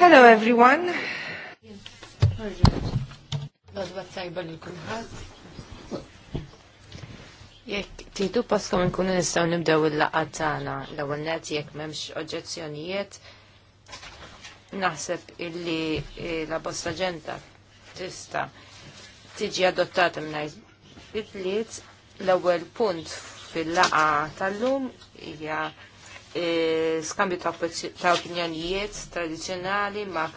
Hello everyone. tajba li Jekk tidu paskom nkunu nistgħu nibdew il-laqgħa tagħna l-ewwel net jekk m'hemmx oġġezzjonijiet naħseb illi eh, la bosta ġenta tista' tiġi adottata mingħajr tliet l-ewwel punt fil-laqa tal-lum hija E, skambju ta' opinjonijiet tradizjonali ma'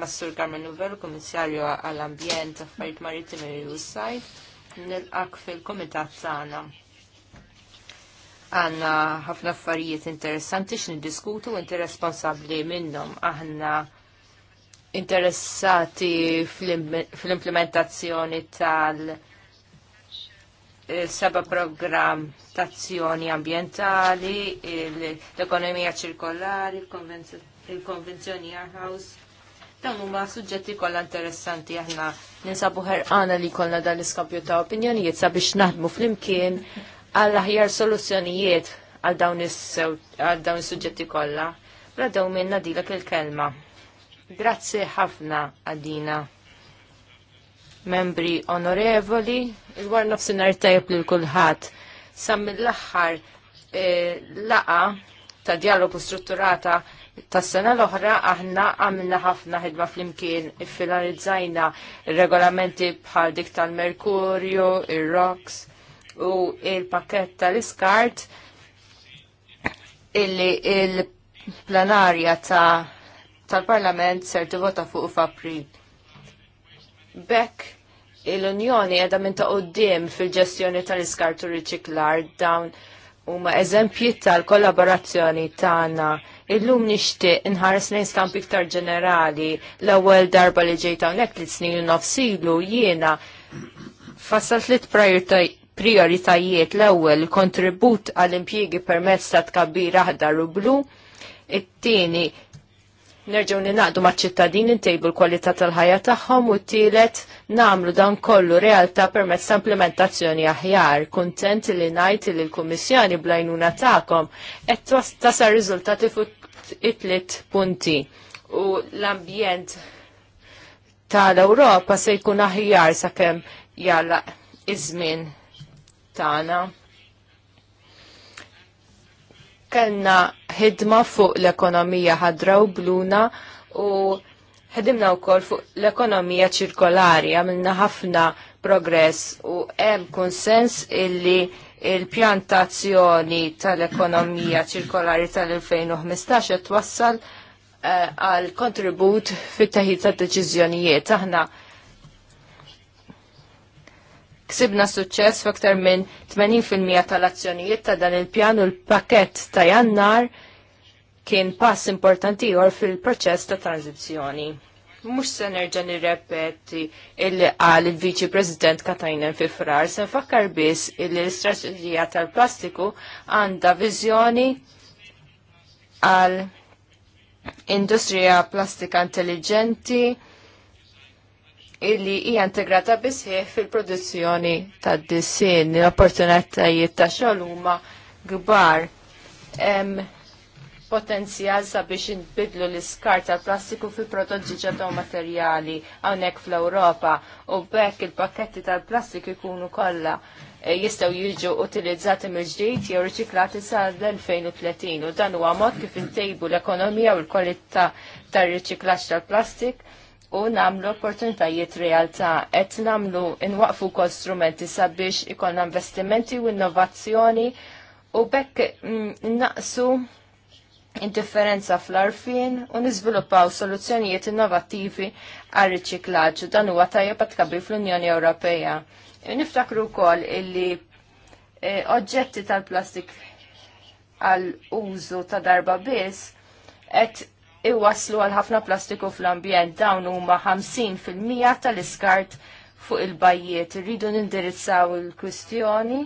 Massur Carmen Nouvel, Komissarju għall-Ambjent, Affarijiet Marittimi u nil nilqak fil-Komitat tagħna. Għanna ħafna affarijiet interessanti x'niddiskutu u interresponsabbli minnhom. Aħna interessati fl-implementazzjoni tal- seba program tazzjoni ambientali, l-ekonomija ċirkolari, il-konvenzjoni Airhouse. Dawn huma suġġetti kollha interessanti aħna ninsabu ħerqana li kollna dan l-iskambju ta' opinjonijiet sabiex naħdmu flimkien għall aħjar soluzzjonijiet għal dawn is-suġġetti kollha. Bla dawn minna dilek il-kelma. Grazzi ħafna għadina membri onorevoli, il-war nofsinar tajab li l-kulħat. Sam l axħar eh, laqa ta' dialogu strutturata Tas sena l-oħra aħna għamilna ħafna ħidma fl-imkien finalizzajna regolamenti bħal dik tal-Merkurju, il rox u il-pakket tal-Iskart illi il-planarja ta tal-Parlament ser tivota fuq f'April. Bekk il unjoni għedha minn ta' qoddim fil-ġestjoni tal-iskartu riċiklar dawn huma eżempji tal-kollaborazzjoni tagħna. Illum nixtieq inħares lejn stamp iktar ġenerali l-ewwel darba li ġejt hawnhekk tliet snin u nofsilu jiena fassal tliet prioritajiet l-ewwel kontribut għall impjiegi permezz ta' tkabbir aħdar u blu, it-tieni nerġgħu ninaqdu maċ-ċittadini ntejbu l-kwalità tal-ħajja tagħhom u tielet nagħmlu dan kollu realtà permezz ta' implementazzjoni aħjar. Kuntent li ngħid li l-Kummissjoni blajnuna tagħkom qed tasar riżultati fuq it-tliet punti u l-ambjent tal-Ewropa se jkun aħjar sakemm jalla iż-żmien tagħna kellna ħidma fuq l-ekonomija ħadra u bluna u ħedimna wkoll fuq l-ekonomija ċirkolari għamilna ħafna progress u hemm konsens illi il-pjantazzjoni tal-ekonomija ċirkolari tal-2015 twassal eh, għal kontribut fit taħid tad deċiżjonijiet. Aħna Ksibna suċċess f'aktar minn 80% tal-azzjonijiet ta' dan il-pjan u l-pakett ta' jannar kien pass importanti għor fil-proċess ta' tranzizjoni. Mux se nerġa nirrepeti illi għal il-Viċi President Katajnen fi frar, se nfakkar biss illi l-istrategija tal-plastiku għanda viżjoni għal industrija plastika intelligenti, illi hija integrata bisħieħ fil-produzzjoni tad dissin l-opportunitajiet ta' xogħol huma kbar. Hemm potenzjal sabiex inbidlu l-iskar tal-plastiku fi prodotti ġew materjali hawnhekk fl-Ewropa u bekk il-pakketti tal-plastiku jkunu kollha eh, jistgħu jiġu utilizzati mill-ġdid jew riċiklati sal-2030 u dan huwa mod kif intejbu l-ekonomija u l-kwalità tar-riċiklaġġ tal-plastik u namlu opportunitajiet realtà qed namlu inwaqfu kol strumenti sabiex ikollna investimenti u innovazzjoni u bekk mm, naqsu indifferenza fl-arfin u niżviluppaw soluzzjonijiet innovattivi għal riċiklaġġ u dan huwa tajjeb tkabbir fl-Unjoni Ewropea. E, niftakru wkoll illi e, oġġetti tal-plastik għal użu ta' darba biss qed iwaslu għal ħafna plastiku fl-ambjent dawn huma 50% tal-iskart fuq il-bajjiet. Rridu nindirizzaw il-kwistjoni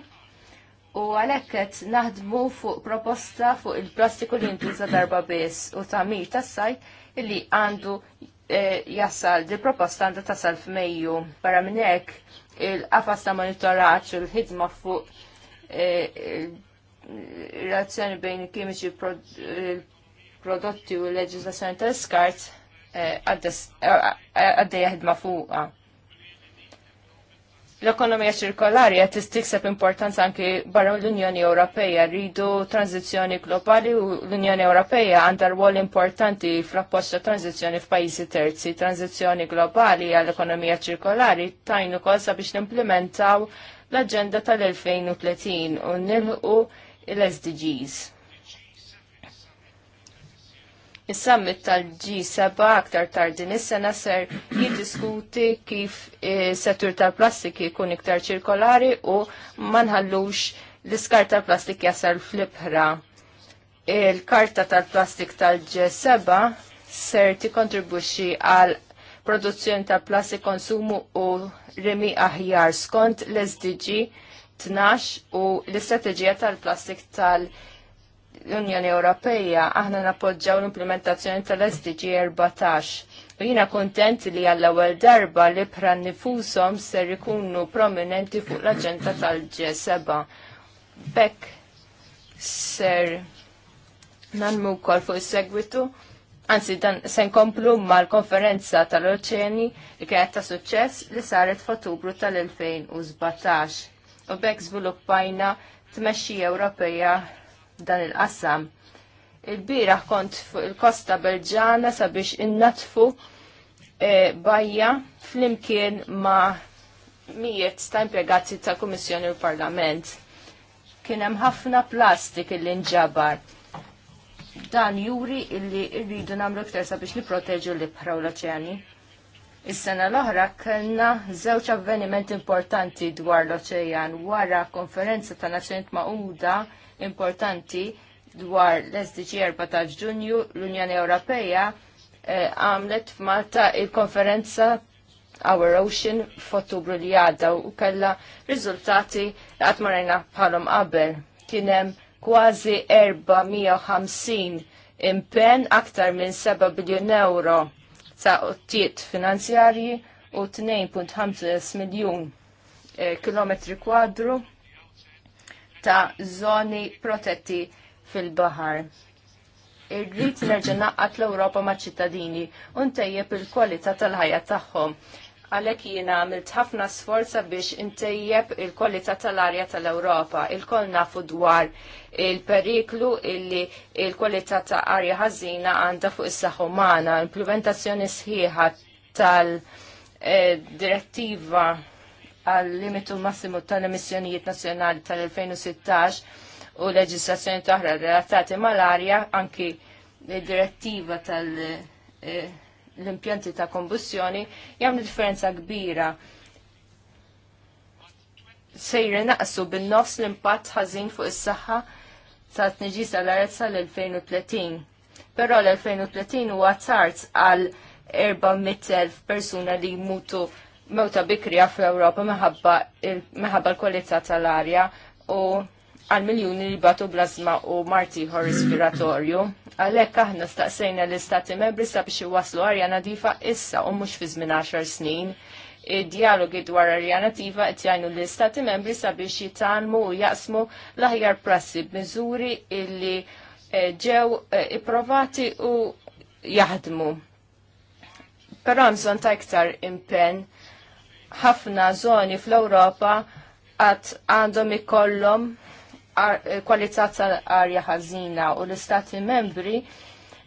u għalhekk qed naħdmu fuq proposta fuq il-plastiku li jintuża darba biss u Mir tas-sajt li għandu eh, jasal di proposta għandha tasal f'Mejju barra minn hekk il-qafas ta' monitoraġġ u l-ħidma fuq eh, il-relazzjoni bejn il-kimiċi prodotti u l-leġislazzjoni tal-skart eh, eh, eh, għaddej ħidma fuqa. L-ekonomija ċirkolari qed tistikseb importanza anki barra l-Unjoni Ewropea rridu tranzizzjoni globali u l-Unjoni Ewropeja għandha rwol importanti fl apposta ta' tranzizzjoni f'pajjiżi terzi. Tranzizzjoni globali għall-ekonomija ċirkolari tajn ukoll sabiex nimplementaw l-Aġenda tal-2030 u nilħu l-SDGs. Is-summit tal-G7 aktar tard din is-sena ser jiddiskuti kif e, settur tal-plastiki jkun iktar ċirkolari u ma nħallux l-iskar tal-plastik jasal fl-ibħra. Il-karta tal-plastik tal-G7 ser tikkontribwixxi għal produzzjoni ta' plastik konsumu u rimi aħjar skont l-SDG 12 u l-istrateġija tal-plastik tal-G7 l-Unjoni Ewropeja aħna nappoġġaw l-implementazzjoni tal-SDG 14. U jina kontent li għall-ewwel darba li pran nifushom ser ikunu prominenti fuq l-aġenda tal-G7. Bekk ser nanmu wkoll fuq is-segwitu. Anzi, dan se nkomplu mal-konferenza tal-oċeni li kienet ta' suċċess li saret f'Ottubru tal-2017. U bekk żviluppajna mexxija Ewropeja dan il-qassam. Il-biraħ kont fuq il-Kosta Belġana sabiex innatfu e, bajja flimkien ma mijiet ta' impjegati ta' Kummissjoni u Parlament. Kien hemm ħafna plastik li nġabar. Dan juri illi rridu nagħmlu ktar sabiex nipproteġu l li bħraw l-oċeani. Is-sena l-oħra kellna żewġ avveniment importanti dwar l-oċean wara konferenza ta' Nazzjonijiet Magħquda importanti dwar l-SDG 14 ġunju l-Unjoni Ewropeja eh, għamlet f'Malta il-konferenza Our Ocean f'Ottubru li għadda u kella riżultati għat marajna bħalhom qabel. Kienem kważi 450 impen aktar minn 7 biljon euro ta' ottiet finanzjarji u 2.5 miljon eh, kilometri kwadru ta' zoni protetti fil-bahar. Irrid nerġa' naqqat l-Ewropa ma' ċittadini u ntejjeb il-kwalità tal-ħajja tagħhom. Għalhekk jiena għamilt ħafna sforza biex intejjeb il-kwalità tal-arja tal-Ewropa. Il-kol nafu dwar il-periklu illi il-kwalità ta' arja ħażina għandha fuq is-saħħa umana, implementazzjoni sħiħa tal- eh, direttiva għal limitu massimu tal-emissjonijiet nazzjonali tal-2016 u leġislazzjoni toħra relatati mal-arja anki direttiva tal-impjanti eh, ta' kombussjoni jgħamlu differenza kbira sejri naqsu bil-nofs l-impatt ħażin fuq is-saħħa ta' tniġis tal-arezza l-2030. Però l-2030 huwa tard għal 400.000 persuna li jmutu mewta bikrija fl-Ewropa meħabba l-kwalità tal-arja u għal miljoni li batu blazma u martiħor respiratorju. Għalhekk aħna staqsejna l-istati membri sabiex iwaslu arja nadifa issa u mhux fi żmien 10 snin. Id-dialogi dwar arja nadifa qed jgħinu l-istati membri sabiex jitalmu u jaqsmu l-aħjar prassi b'miżuri illi eh, ġew eh, ipprovati u jaħdmu. Però għamżon ta' iktar impenn ħafna zoni fl-Ewropa għat għandhom ikollhom kwalità tal-arja ħażina u l-istati membri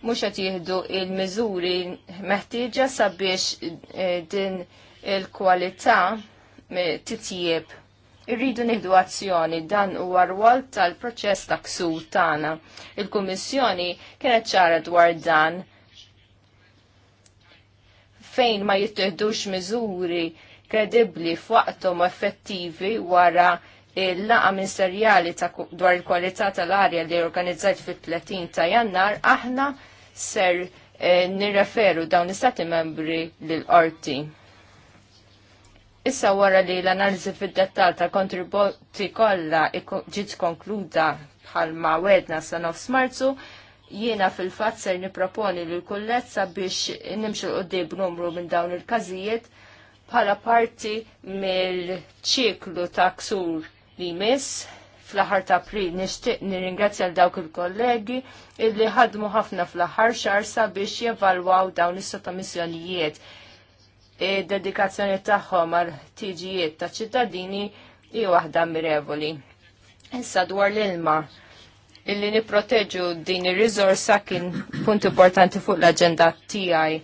mhux qed jieħdu il-miżuri meħtieġa sabiex e, din il-kwalità e, titjieb. Irridu nieħdu azzjoni dan huwa rwol tal-proċess ta' ksu tagħna. Il-Kummissjoni kienet ċara dwar dan fejn ma jittieħdux miżuri kredibbli f'waqthom effettivi wara il-laqa ministerjali ta' dwar il-kwalità tal-arja li organizzat fit-30 ta' jannar, aħna ser eh, nirreferu dawn l-istati membri l-orti. Issa wara li l-analizi fid-dettal ta' kontributi kollha ġiet konkluda bħalma wedna sa' nofs marzu, jiena fil-fatt ser niproponi l kullezza biex nimxu l qoddib b'numru minn dawn il-każijiet bħala parti mill-ċiklu ta' ksur li mis fl-aħar ta' april nixtieq nirringrazzja l dawk il-kollegi illi ħadmu ħafna fl-aħar xarsa sabiex jevalwaw dawn is-sottomissjonijiet. Id-dedikazzjoni tagħhom għal tiġijiet ta' ċittadini i waħda mirevoli. Issa dwar l-ilma illi niproteġu din ir-riżorsa kien punt importanti fuq l-aġenda tiegħi.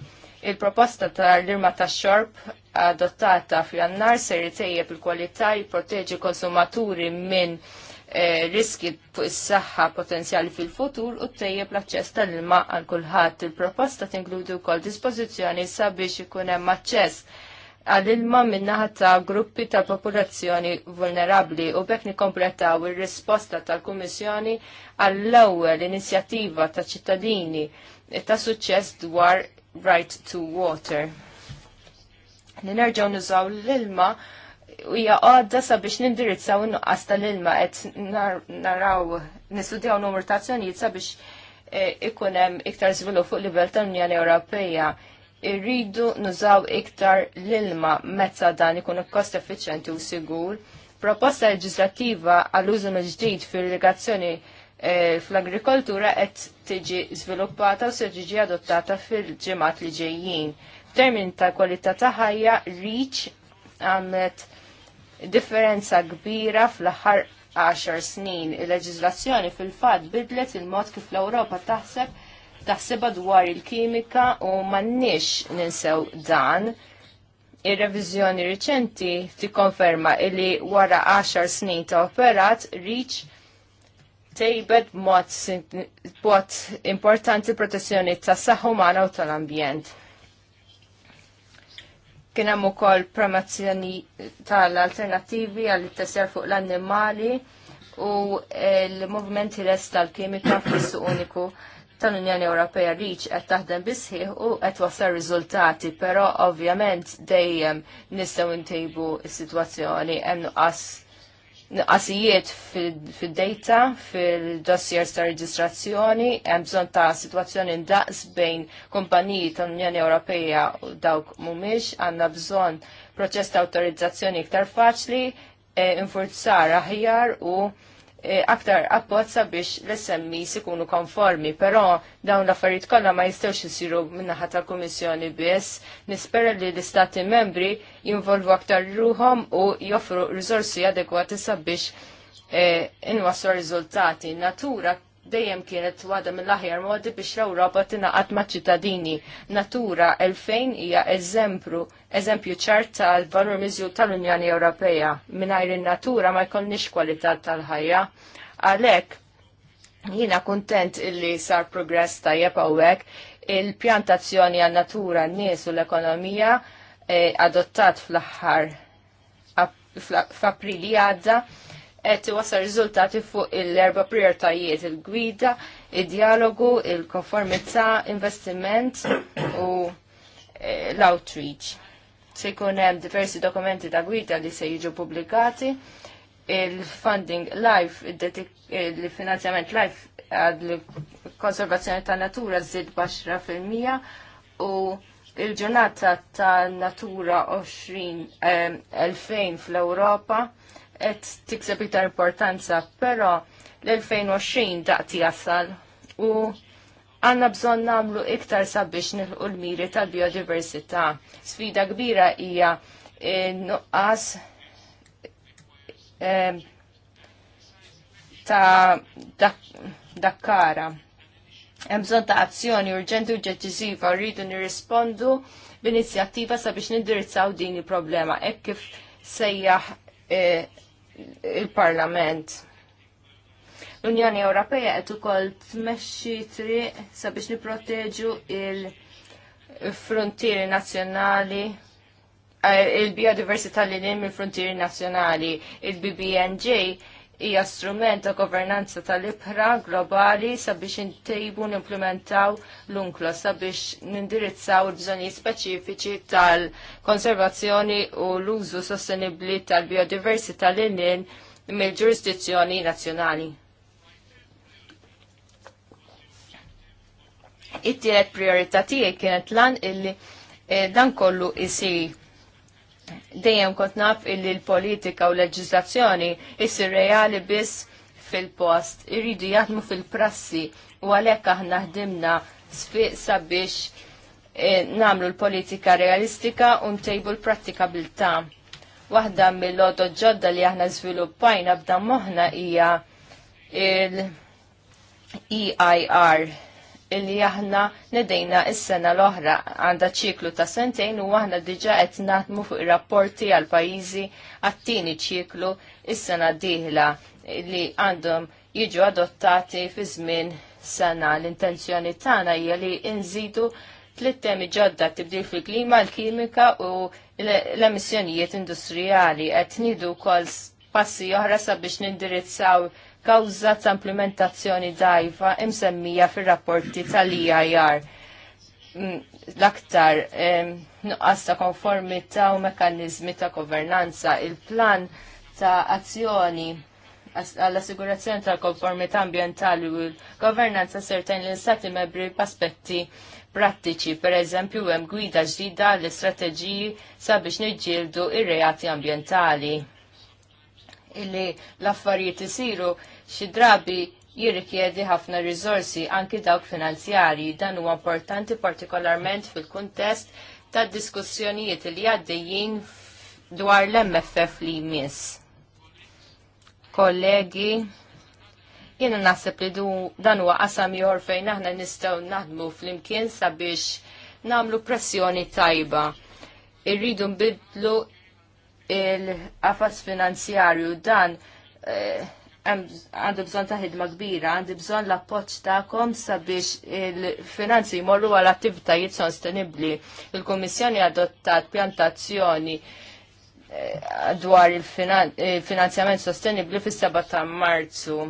Il-proposta tal-irma tax-xorb adottata f'jannar se ritejje il-kwalità jipproteġi konsumaturi minn eh, riski fuq is-saħħa potenzjali fil-futur u tejje l-aċċess tal-ilma għal kulħadd. Il-proposta tinkludi wkoll dispożizzjoni sabiex ikun hemm aċċess għal-ilma minnaħa ta' gruppi ta' popolazzjoni vulnerabli u bekk nikompletaw ir-risposta tal-Kummissjoni għall-ewwel inizjattiva ta' ċittadini ta' suċċess dwar Right to Water li nerġaw nużaw l-ilma u hija għadda sabiex nindirizzaw in-nuqqas tal-ilma qed naraw nistudjaw numru ta' azzjonijiet sabiex e, ikun hemm iktar żvilupp fuq livell tal-Unjoni Ewropea. Irridu nużaw iktar l-ilma mezza dan ikun kost effiċjenti u sigur. Proposta leġislattiva għall-użu mill-ġdid fir-irrigazzjoni e, fl-agrikoltura qed tiġi żviluppata u se tiġi adottata fil-ġimgħat li ġejjin Termini ta' kwalità ta' ħajja reach għamlet differenza kbira fl-aħħar 10 snin. il leġizlazzjoni fil-fatt bidlet il-mod kif l-Ewropa taħseb taħseba dwar il-kimika u m'għandniex ninsew dan. Ir-reviżjoni riċenti tikkonferma li wara 10 snin ta' operat reach tejbed mod importanti protezzjoni tas saħħa u tal-ambjent. Kien hemm ukoll promozzjoni tal-alternattivi għall tesser fuq l-annimali u l-movimenti res tal-kimika fis-suq uniku tal-Unjoni Ewropea Reach qed taħdem bisħieħ u qed wasal riżultati, però ovvjament dejjem nistgħu ntejbu s-sitwazzjoni hemm nuqqas Qasijiet fil-data, fil-dossiers ta' reġistrazzjoni, hemm bżonn ta' situazzjoni ndaqs bejn kumpaniji tal-Unjoni Ewropea u dawk mhumiex, għandna bżonn proċess ta' autorizzazzjoni iktar faċli, eh, infurzar aħjar u E, aktar appozza biex l-SMI sikunu konformi, però dawn l-affarijiet kollha ma jistgħux isiru minnaħa tal-Kummissjoni biss. Nispera li l-Istati membri jinvolvu aktar ruhom u joffru riżorsi adekwati sabiex eh, inwassu riżultati. Natura dejjem kienet waħda mill-aħjar modi biex l-Ewropa tingħaqad maċ-ċittadini. Natura 2000 hija eżempju eżempju ċar tal-valur miżjud tal-Unjoni Ewropea. Mingħajr in-natura ma jkollniex kwalità tal-ħajja. Għalhekk jiena kuntent illi sar progress tajjeb hawnhekk il-pjantazzjoni għal natura n-nies u l-ekonomija eh, adottat fl-aħħar f'Aprili għadda qed wasa riżultati fuq il-erba' prioritajiet il-gwida, id-dialogu, il konformizza investiment u eh, l-outreach. Se jkun hemm diversi dokumenti ta' gwida li se jiġu pubblikati, il-funding life, il-finanzjament life għad konservazzjoni ta' natura zid fil-mija u il-ġurnata ta' natura 20 2000 eh, fl-Europa qed tikseb iktar importanza, però l-2020 daqti jasal u għanna bżon namlu iktar sabiex nilħu l-miri tal-biodiversità. Sfida kbira hija nuqqas ta' dakkara. Hemm bżonn ta' azzjoni urġenti u deċiżiva rridu nirrispondu b'inizjattiva sabiex nindirizzaw din il-problema. Hekk kif sejjaħ eh, il-Parlament. L-Unjoni Ewropea qed ukoll tmexxi triq sabiex nipproteġu il-frontieri nazzjonali eh, il-biodiversità li nim il-frontieri nazzjonali, il-BBNJ hija strument ta' governanza tal-ibħra globali sabiex intejbu nimplementaw l unklo sabiex nindirizzaw il-bżonijiet speċifiċi tal-konservazzjoni u l-użu sostenibli tal-biodiversità l inin mill-ġurisdizzjoni nazzjonali. It-tielet priorità tiegħi kienet lan illi eh, dan kollu isir dejjem kont naf illi l-politika u l leġislazzjoni issir reali biss fil-post, irridu jaħdmu fil-prassi u għalhekk aħna ħdimna sfiq sabiex eh, nagħmlu namlu l-politika realistika u ntejbu l-prattikabilta. Waħda mill-lodo ġodda li aħna żviluppajna b'dan moħħna hija il-EIR, illi aħna nedejna is-sena l-oħra għandha ċiklu ta' sentejn u aħna diġa qed naħdmu fuq ir-rapporti għal pajjiżi għat-tieni ċiklu is-sena d-dieħla li għandhom jiġu adottati fi żmien sena. L-intenzjoni tagħna hija li nżidu tliet temi ġodda tibdil fil-klima, l-kimika u l-emissjonijiet industrijali qed nidu wkoll passi oħra sabiex nindirizzaw kawża ta' implementazzjoni dajfa imsemmija fir-rapporti tal-IIR mm, l-aktar nuqqas ta' konformità u mekkaniżmi ta' governanza. Il-plan ta' azzjoni għall-assigurazzjoni tal-konformità ambjentali u l-governanza sertajn l-istati membri b'aspetti prattiċi, per eżempju, hemm gwida ġdida l-istrateġiji sabiex niġġieldu ir-reati ambjentali. Illi l-affarijiet isiru xi drabi jirrikjedi ħafna riżorsi anki dawk finanzjarji dan huwa importanti partikolarment fil-kuntest ta' diskussjonijiet li għaddejjin dwar l-MFF li jmiss. Kollegi, jiena naħseb li dan huwa qasam jor fejn aħna nistgħu naħdmu flimkien sabiex nagħmlu pressjoni tajba. Irridu nbidlu il-qafas finanzjarju dan eh, għandu bżon ta' ħidma kbira, għandu bżon l-appoċ ta'kom sabiex il-finanzi jmorru għal attivitajiet sostenibli. Il-Kommissjoni adottat pjantazzjoni eh, dwar il-finanzjament sostenibli fis-7 ta' Marzu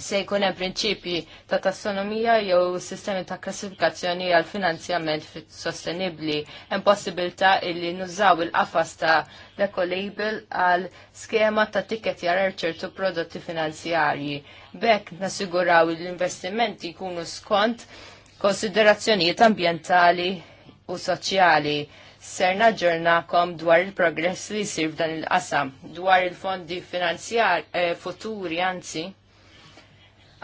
se jkun hemm prinċipji ta' tassonomija jew sistemi ta' klassifikazzjoni għal finanzjament sostenibbli hemm possibilità illi nużaw il-qafas ta' l-ecolabel għal skema ta' ticket jarar ċertu prodotti finanzjarji. Bekk nasiguraw l-investimenti jkunu skont konsiderazzjonijiet ambjentali u soċjali ser naġġornakom dwar il-progress li jsir f'dan il-qasam, dwar il-fondi finanzjar eh, futuri anzi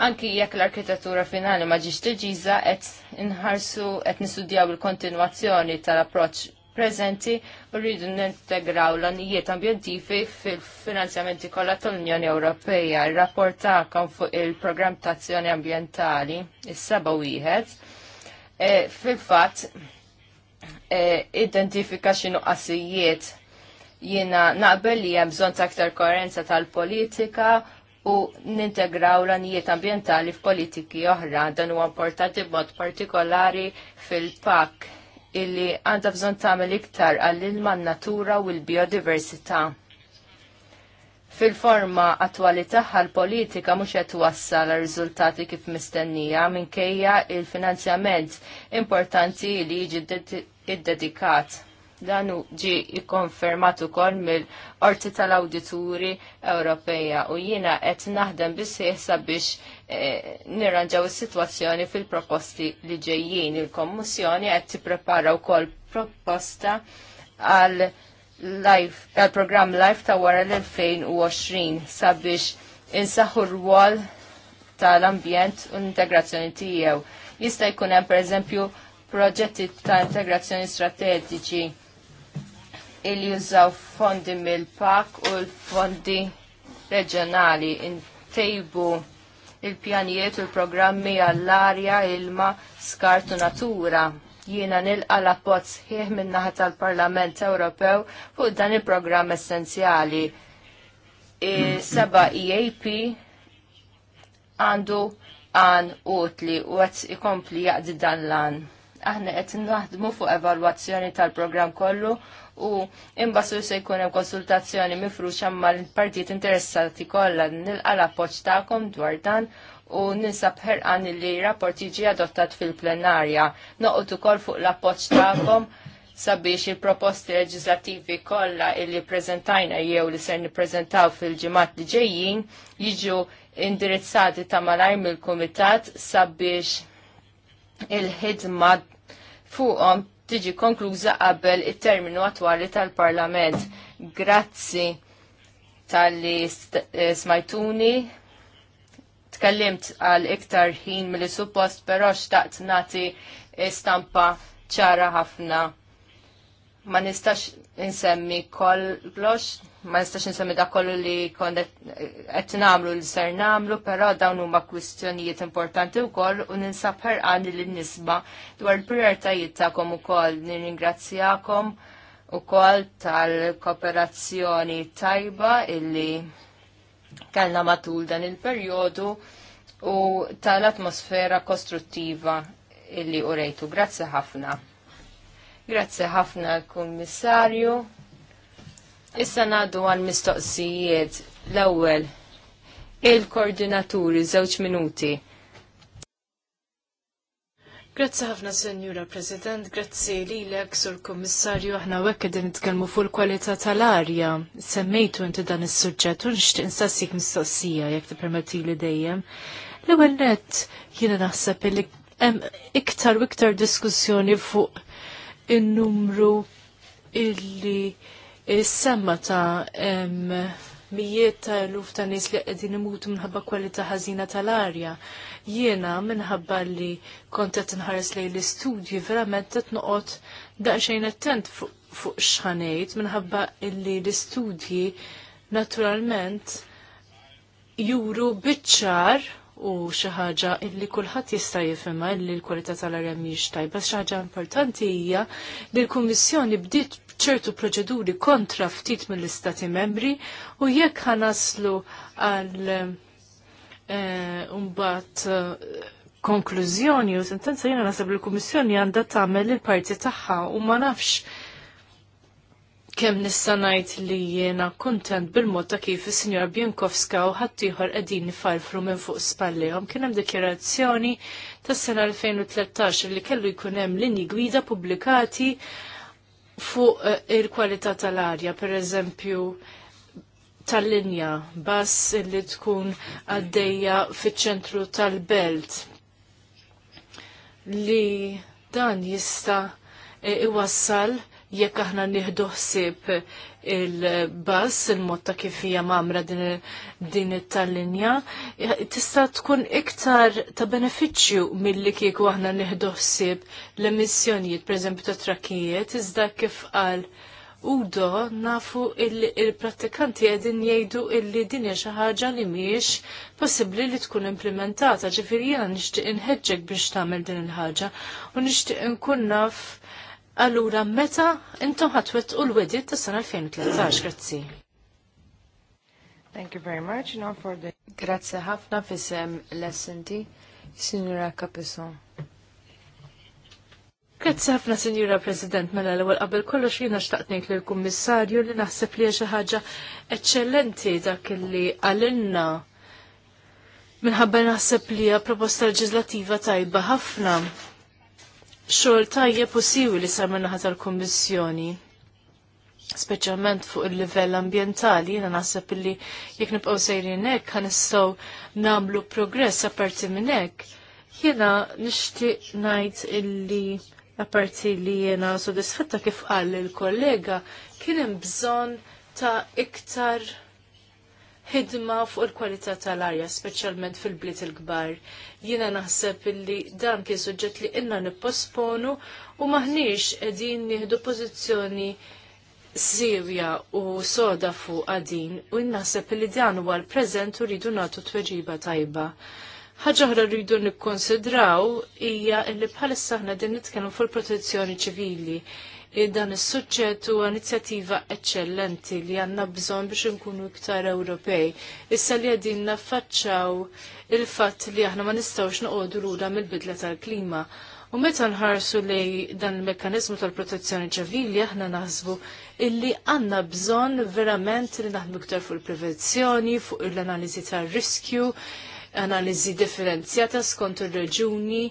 Anki jekk l-arkitettura finali ma ġiex deċiża qed inħarsu qed nistudjaw il-kontinwazzjoni tal-approċċ preżenti u rridu nintegraw l-anijiet ambjentifi fil-finanzjamenti kollha tal-Unjoni Ewropea. Ir-rapport tagħkom fuq il-programm ta' azzjoni ambjentali, is-seba' wieħed, e, fil-fatt e, identifika x'inhu qasijiet jiena naqbel li hemm bżonn ta' aktar koerenza tal-politika u nintegraw l-anijiet ambientali f'politiki oħra dan huwa importanti b'mod partikolari fil-pak illi għandha bżonn tagħmel iktar għall-ilma natura u l-biodiversità. Fil-forma attwali tagħha l-politika mhux qed twassal riżultati kif mistennija minkejja il-finanzjament importanti li jiġi id-dedikat Dan ġi ikkonfermatu ukoll mill-Qorti tal-Awdituri Ewropeja u jiena qed naħdem bisseħ sabiex eh, nirranġaw is-sitwazzjoni fil-proposti li ġejjin. Il-Kommissjoni qed tipprepara wkoll proposta għal life, għal programm live ta' wara l-2020 sabiex insaħu r-wol tal-ambjent u l-integrazzjoni tiegħu. Jista' jkun hemm pereżempju proġetti ta' integrazzjoni strateġiċi il jużaw fondi mill-PAK u l-fondi reġjonali intejbu il-pjanijiet u l-programmi għall-arja, ilma, skartu natura. Jiena nilqa l-appozz ħieħ minnaħa tal-Parlament Ewropew fuq dan il-programm essenzjali. Seba EAP għandu għan utli u għet ikompli jaqdi dan l-għan. Aħna qed naħdmu fuq evalwazzjoni tal-programm kollu u imbassu se jkun hemm konsultazzjoni mifruxa mal-partit interessati kollha nilqa l-appoġġ tagħkom dwar dan u ninsab ħerqan li rapport jiġi adottat fil-plenarja. Noqgħod ukoll fuq l-appoġġ tagħkom sabiex il-proposti leġislattivi kollha li preżentajna jew li ser nippreżentaw fil-ġimgħat li ġejjin jiġu indirizzati ta' malajr mill-kumitat sabiex il-ħidma fuqhom tiġi konkluża qabel it-terminu attwali tal-Parlament. Grazzi tal-li eh, smajtuni. Tkellimt għal iktar ħin mill suppost, però xtaqt nati stampa ċara ħafna. Ma nistax insemmi kollox, ma nistax nsemmi da kollu li kon qed nagħmlu li ser nagħmlu, però dawn huma kwistjonijiet importanti wkoll u ninsab ħerqan li nisba dwar il-prijoritajiet tagħkom ukoll nirringrazzjakom ukoll tal-kooperazzjoni tajba illi kellna matul dan il-perjodu u tal-atmosfera kostruttiva illi urejtu. Grazzi ħafna. Grazzi ħafna l-Kummissarju. Issa ngħaddu għal mistoqsijiet l-ewwel. Il-koordinaturi żewġ minuti. Grazzi ħafna Senjura President, grazzi lilek sur Kommissarju aħna wekk din nitkellmu fuq il-kwalità tal-arja. Semmejtu inti dan is-suġġett u nixtieq instassik mistoqsija jekk tippermettili dejjem. L-ewwel nett jiena naħseb li hemm iktar u iktar diskussjoni fuq in-numru illi is-semma ta' mijiet ta' eluf ta' nies li qegħdin imutu minħabba kwalità ħażina tal-arja. Jiena minħabba li kont qed inħares lejn l-istudji verament qed noqgħod daqsxejn attent fuq x'ħanejt minħabba li l-istudji naturalment juru biċċar u xi ħaġa illi kulħadd jista' jifhimha li l-kwalità tal-arja mhijiex tajba. Xi ħaġa importanti hija li l-Kummissjoni bdiet ċertu proċeduri kontra ftit mill-istati membri u jekk ħanaslu għal eh, umbat eh, konklużjoni u sentenza jena nasab il-Kummissjoni għandha tagħmel il-parti tagħha u ma nafx kemm nista' ngħid li jiena kuntent bil-mod ta' kif is-Sinjor Bienkowska u ħaddieħor qegħdin nifarfru minn fuq spallihom kien hemm dikjarazzjoni tas-sena 2013 li kellu jkun hemm linji gwida pubblikati fuq eh, il-kwalità tal-arja, per eżempju, tal-linja bass li tkun għaddejja fiċ-ċentru tal-belt li dan jista' eh, iwassal jekk aħna nieħdu ħsieb il-bass, il motta kif hija mamra din it-tal-linja, tista' tkun iktar ta' benefiċċju milli kieku aħna nieħdu ħsieb l-emissjonijiet, pereżempju ta' trakkijiet, iżda kif qal Udo nafu il-prattikanti għedin jgħidu illi din xi ħaġa li mhijiex possibbli li tkun implementata, ġifieri jiena nixtieq inħeġġek biex tagħmel din il-ħaġa u nixtieq inkun naf Allura meta intom ħatwet u l-wedit tas-sena 2013, grazzi. Thank you very much. Now for the... Grazie ħafna fissem l-SNT, Signora Capisson. Grazzi ħafna signora President mela l-ewwel qabel kollox jiena xtaqt ngħid lill-Kummissarju li naħseb li xi ħaġa eċċellenti dak li għalinna minħabba naħseb li hija proposta leġislativa tajba ħafna xogħol tajjeb u li sar minnaħa tal-Kummissjoni speċjalment fuq il-livell ambientali, jina naħseb li jekk nibqgħu sejrin nek, ħan nistgħu nagħmlu progress apparti minn hekk. Jiena nixtieq ngħid illi apparti li jiena sodisfatta kif qal il-kollega kien hemm bżonn ta' iktar ħidma fuq il-kwalità tal-arja, speċjalment fil-bliet il-kbar. Jiena naħseb illi dan kien suġġett li inna nipposponu u maħniex qegħdin nieħdu pożizzjoni Sirja u soda fuq għadin u naħseb li dan huwa l-preżent u rridu nagħtu tweġiba tajba oħra rridu nikkonsidraw hija li bħalissa aħna din nitkellmu fuq il protezzjoni ċivili dan is suċċet huwa inizjattiva eċċellenti li għandna bżonn biex inkunu iktar Ewropej. Issa li qegħdin naffaċċaw il-fatt li aħna ma nistgħux noqogħdu lura mill-bidla tal-klima. U meta nħarsu li dan il mekanizmu tal-protezzjoni ċivili aħna naħsbu illi għanna bżon verament li naħdmu iktar fuq il-prevenzjoni, fuq l-analiżi tar-riskju, analiżi differenzjata skont ir-reġuni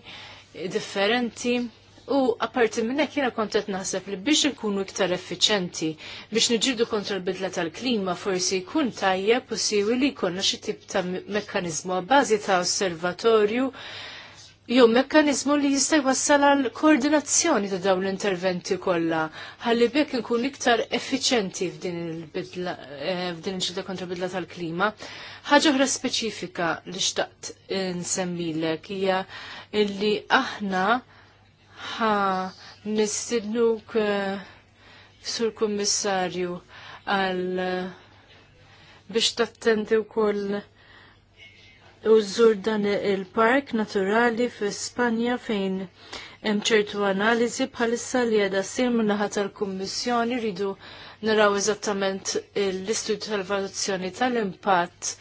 differenti. U apparti minn hekk jiena kont qed naħseb li biex nkunu iktar effiċenti, biex niġġieldu kontra l-bidla tal-klima forsi jkun tajjeb u li jkollna xi tip ta' mekkaniżmu għabazi ta' osservatorju Jo, mekkaniżmu li jista' jwassal għal koordinazzjoni ta' dawn l-interventi kollha ħalli bekk inkun iktar effiċenti f'din il-bidla eh, f'din kontra bidla tal-klima. Ħaġa oħra speċifika li xtaqt nsemmilek hija illi aħna ħa nistidnuk sur kummissarju għal biex tattenti wkoll koll użur dan il-park naturali fi Spanja fejn hemm ċertu analiżi bħalissa li qiegħda ssir min-naħa tal-Kummissjoni rridu naraw eżattament l-istudju tal valuzzjoni tal-impatt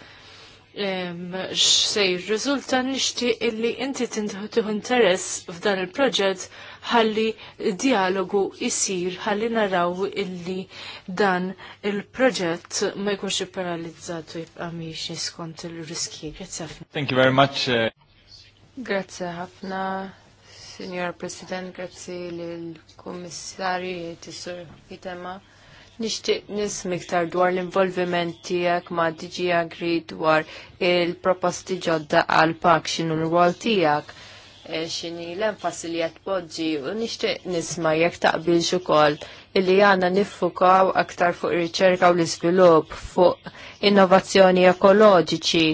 xsej rizulta nixtieq illi inti tintħu interess f'dan il-proġett ħalli dialogu jisir, ħalli naraw illi dan il-proġett ma jkunx paralizzat u jibqa' miex jiskont il-riski. Grazzi ħafna. Thank you very much. Uh, grazzi ħafna, Signor President, grazzi lill-Kummissarji tisur Itema. Nixtieq nism iktar dwar l-involviment tiegħek ma' DG Agri dwar il-proposti ġodda għal pak xinu l għol tiegħek eh, x'inhi l-enfasi li qed poġġi u nixtieq nisma' jekk taqbilx ukoll illi għandna niffukaw aktar fuq ir-riċerka u l-iżvilupp fuq innovazzjoni ekoloġiċi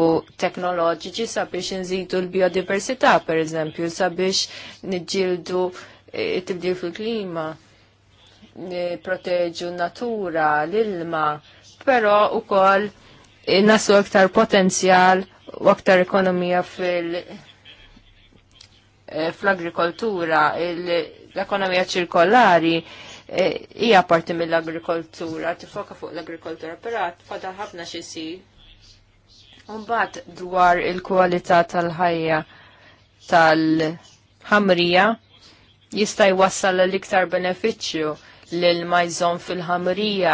u teknoloġiċi sabiex nżidu l-biodiversità, per eżempju, sabiex nġildu eh, tibdil fil-klima proteġu natura, l-ilma, pero u kol nasu aktar potenzjal u aktar ekonomija fil- eh, fl-agrikoltura, l-ekonomija ċirkolari eh, hija parti mill-agrikoltura, tifoka fuq l-agrikoltura, pero fadal ħafna jsir. Umbat dwar il-kualità tal-ħajja tal-ħamrija jista' jwassal l-iktar benefiċċju l majżon fil-ħamrija.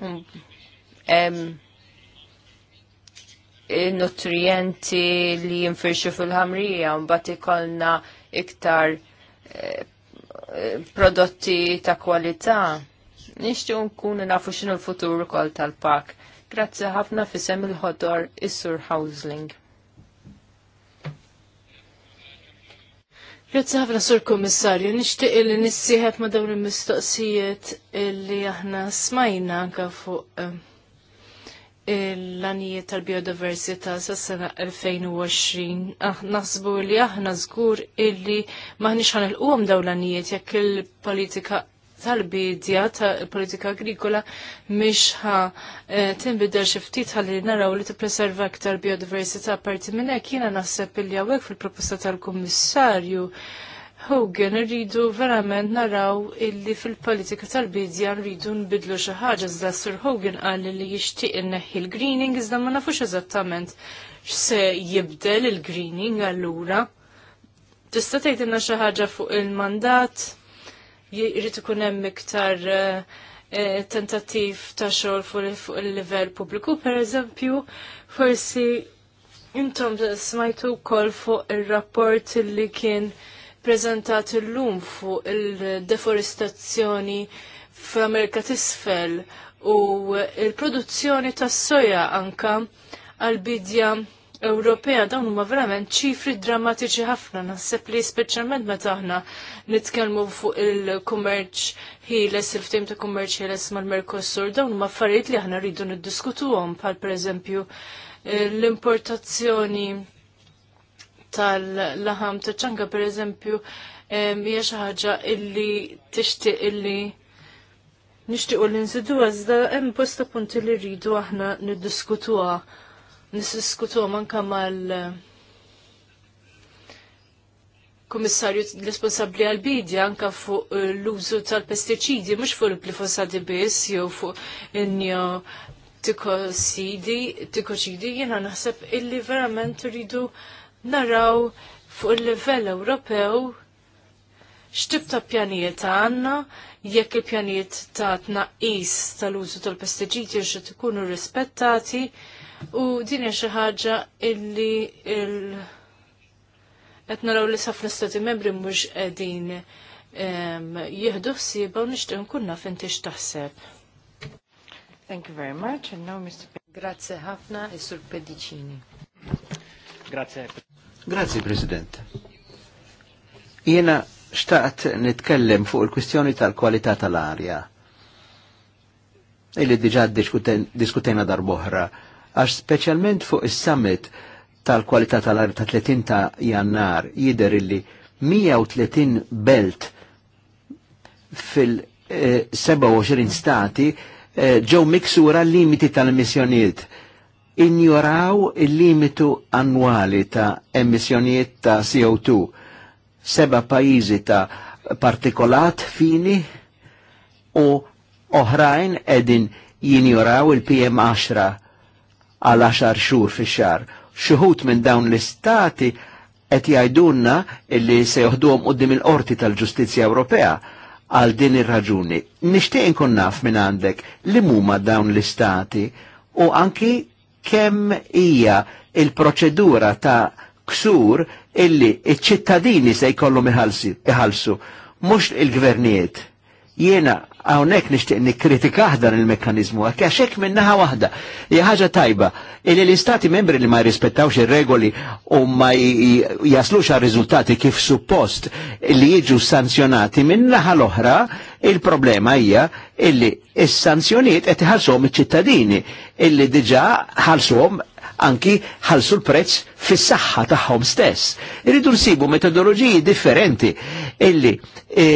Mm, Nutrienti li jinfirxu fil-ħamrija, mbagħad ikollna iktar eh, prodotti ta' kwalità. Nixtu nkunu nafu x'inhu l-futur ukoll tal-pak. Grazzi ħafna fisem il-ħodor is-Sur Housling. Grazzi ħafna sur kommissarju, nixtieq li nissieħed ma' dawn il-mistoqsijiet li aħna smajna anke fuq ehm, l-anijiet tal-biodiversità sas-sena 2020. Ah, naħsbu li aħna żgur illi maħniex ħanilquhom dawn l-anijiet jekk il-politika tal-bidja tal-politika agrikola mhix ha eh, tinbidel xi ftit ħalli naraw li tippreserva aktar biodiversità parti minn hekk jiena naħseb illi hawnhekk fil-proposta tal-Kummissarju Hogan rridu verament naraw illi fil-politika tal-bidja rridu nbidlu xi ħaġa iżda Sir Hogan qal li jixtieq inneħħi l-greening iżda ma nafux eżattament x'se jibdel il-greening allura. Tista' tgħidilna xi ħaġa fuq il-mandat? jirrit ikun hemm iktar eh, eh, tentattiv ta' xogħol fuq il-livell pubbliku, pereżempju, forsi intom smajtu wkoll fuq ir-rapport li kien preżentat illum fuq il-deforestazzjoni fl-Amerika t'isfel u il-produzzjoni tas soja anka għal-bidja Ewropea dawn huma verament ċifri drammatiċi ħafna naħseb li speċjalment meta aħna nitkellmu fuq il-kummerċ ħieles il-ftim ta' kummerċ ħieles mal-Mercosur dawn huma affarijiet li aħna rridu niddiskutuhom bħal pereżempju eh, l-importazzjoni tal-laħam ta' ċanga pereżempju eh, hija xi ħaġa illi tixtieq illi nixtiequ li nsidu għażda hemm bosta punti li rridu aħna niddiskutuha nisdiskutu manka mal eh, kummissarju responsabli għal-bidja anka fuq eh, l-użu tal-pestiċidi, mux fuq l glifosati biss jew fuq il-njo tikoċidi, jena naħseb illi verament rridu naraw fuq il-level Ewropew x'tib ta' pjanijiet għandna jekk il-pjanijiet ta' tnaqqis tal-użu tal-pestiċidi x'qed ikunu rispettati u din hija xi ħaġa illi il qed naraw li sa fl-istati membri mhux qegħdin jieħdu ħsieba u nixtieq nkun naf inti x'taħseb. Thank you very much and now Mr. Grazie ħafna is-Sur Pedicini. Grazie. Grazie President. Jiena xtaqt nitkellem fuq il-kwistjoni tal-kwalità tal-arja. Illi diġà diskutejna darb'oħra għax specialment fuq is-summit tal-kwalità tal-ar ta' 30 ta' jannar jider illi 130 belt fil-27 eh, stati eh, ġew miksura l limiti tal-emissjonijiet. Injoraw il-limitu annwali ta' emissjonijiet ta' CO2. Seba pajizi ta' partikolat fini u oħrajn edin jinjoraw il-PM10 għal 10 xhur fi xar Xuhut minn dawn l-istati qed jgħidulna illi se joħduhom quddiem il-qorti tal-Ġustizzja Ewropea għal din ir-raġuni. Nixtieq inkun naf minn għandek li huma dawn l-istati u anki kemm hija il-proċedura ta' ksur illi iċ-ċittadini se jkollhom iħallsu, mhux il-gvernijiet. Jiena għawnek nishtiq nikkritika dan il-mekkanizmu għak għaxek minnaħa wahda. ħaġa tajba, illi l-istati membri li ma jrispettawx il-regoli u ma jaslux għal riżultati kif suppost li jiġu sanzjonati minnaħa l-oħra, il-problema hija illi is-sanzjoniet qed iħallsuhom iċ-ċittadini illi diġà ħallsuhom anki ħalsu l-prezz fis-saħħa tagħhom stess. Irridu nsibu metodoloġiji differenti illi e,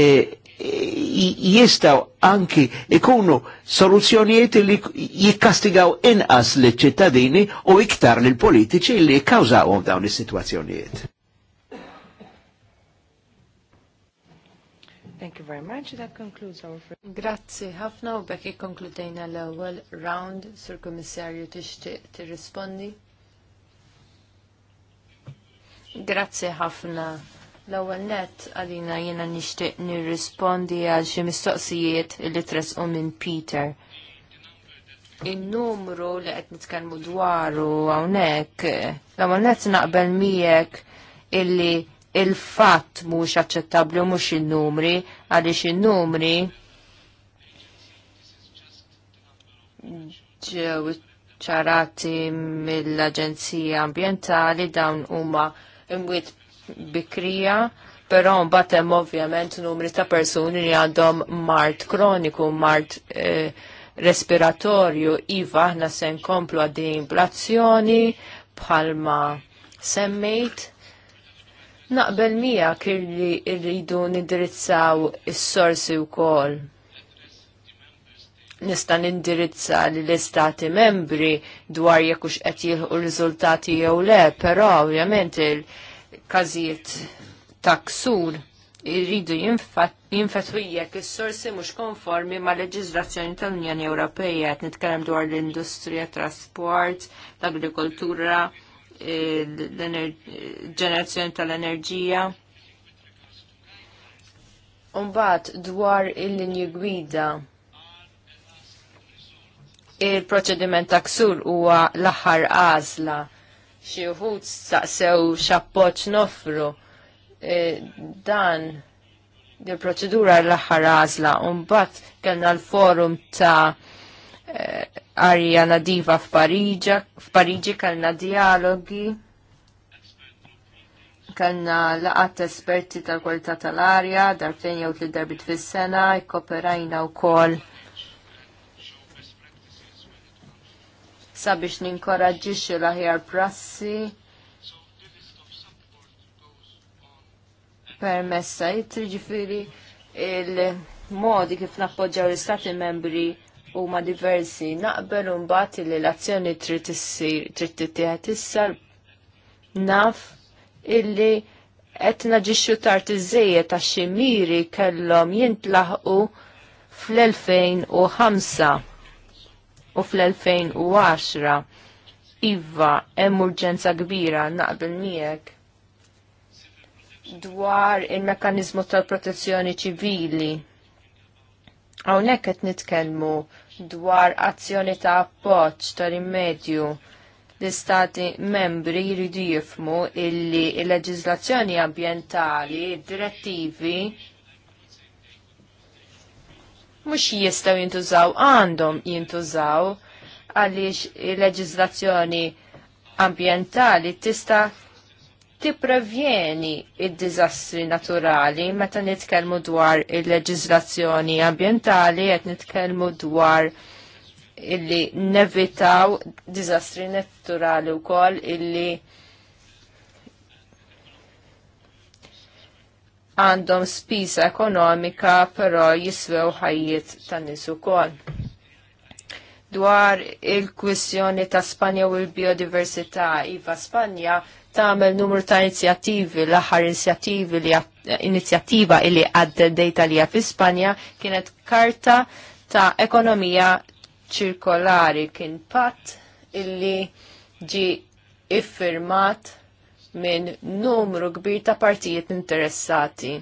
jistaw anki ikunu soluzzjonijiet li jikkastigaw inqas li ċittadini u iktar li politiċi li kawżawhom dawn is-sitwazzjonijiet. Thank you very much. That concludes our first. Grazzi ħafna u bekk konkludejna l-ewwel round sur Kummissarju tixtieq tirrispondi. Grazzi ħafna L-ewwel nett għalina jiena nixtieq nirrispondi għal xi mistoqsijiet li tresqu minn Peter. In-numru li qed nitkellmu dwaru hawnhekk, l-ewwel nett naqbel miegħek illi il-fatt mhux aċċettabbli u mhux in-numri għaliex in-numri ġew ċarati mill-Aġenzija Ambjentali dawn huma imwiet bikrija, però mbagħad hemm ovvjament numri ta' persuni li għandhom mart kroniku, mart eh, respiratorju, iva aħna se nkomplu għaddin blazzjoni bħalma semmejt. Naqbel mija kirli rridu nindirizzaw is-sorsi wkoll. Nista' nindirizza lill istati membri dwar jekk hux qed rizultati riżultati jew le, però ovvjament il- każijiet ta' ksur irridu jinfetħu jekk is-sorsi mhux konformi ma' leġizrazzjoni tal-Unjoni Ewropea qed nitkellem dwar l-industrija, trasport, l-agrikoltura, l-ġenerazzjoni tal-enerġija. Umbat dwar il-linji gwida il-proċediment ta' ksur huwa l-aħħar għażla xi wħud saqsew x'appoġġ nofru e, dan il proċedura l-aħħar għażla u mbagħad kellna l-forum ta' e, Arja Nadiva f'Pariġa, f'Pariġi kellna dialogi kanna laqat esperti tal-kwalità tal-arja, darbtejn jew tliet darbit fis-sena, jkopperajna wkoll sabiex ninkoraġġixxu l-aħjar prassi permessa jitriġifieri il-modi kif nappoġġaw l-istati membri huma diversi naqbel u mbagħad li l-azzjoni trid tittieħed issa naf illi qed naġixxu tard iż-żejjed għax xi miri kellhom jintlaħqu fl-2005 u fl-2010 iva hemm urġenza kbira naqbel miegħek dwar il-mekkaniżmu tal-protezzjoni ċivili. Hawnhekk qed nitkellmu dwar azzjoni ta' appoġġ tal-immedju l-istati membri jridu jifmu illi il-leġizlazzjoni ambientali, direttivi mhux jistgħu jintużaw għandhom jintużaw għaliex il-leġiżlazzjoni ambjentali tista' tipprevjeni il diżastri naturali meta nitkellmu dwar il-leġiżlazzjoni ambjentali qed nitkellmu dwar illi nevitaw diżastri naturali wkoll illi għandhom spisa ekonomika però jiswew ħajjiet tan nies ukoll. Dwar il-kwissjoni ta' Spanja u l-biodiversità, Iva Spanja tagħmel numru ta' inizjattivi, l-aħħar inizjattivi li inizjattiva li dejta li fi Spanja kienet karta ta' ekonomija ċirkolari kien patt illi ġi iffirmat minn numru kbir ta' partijiet interessati.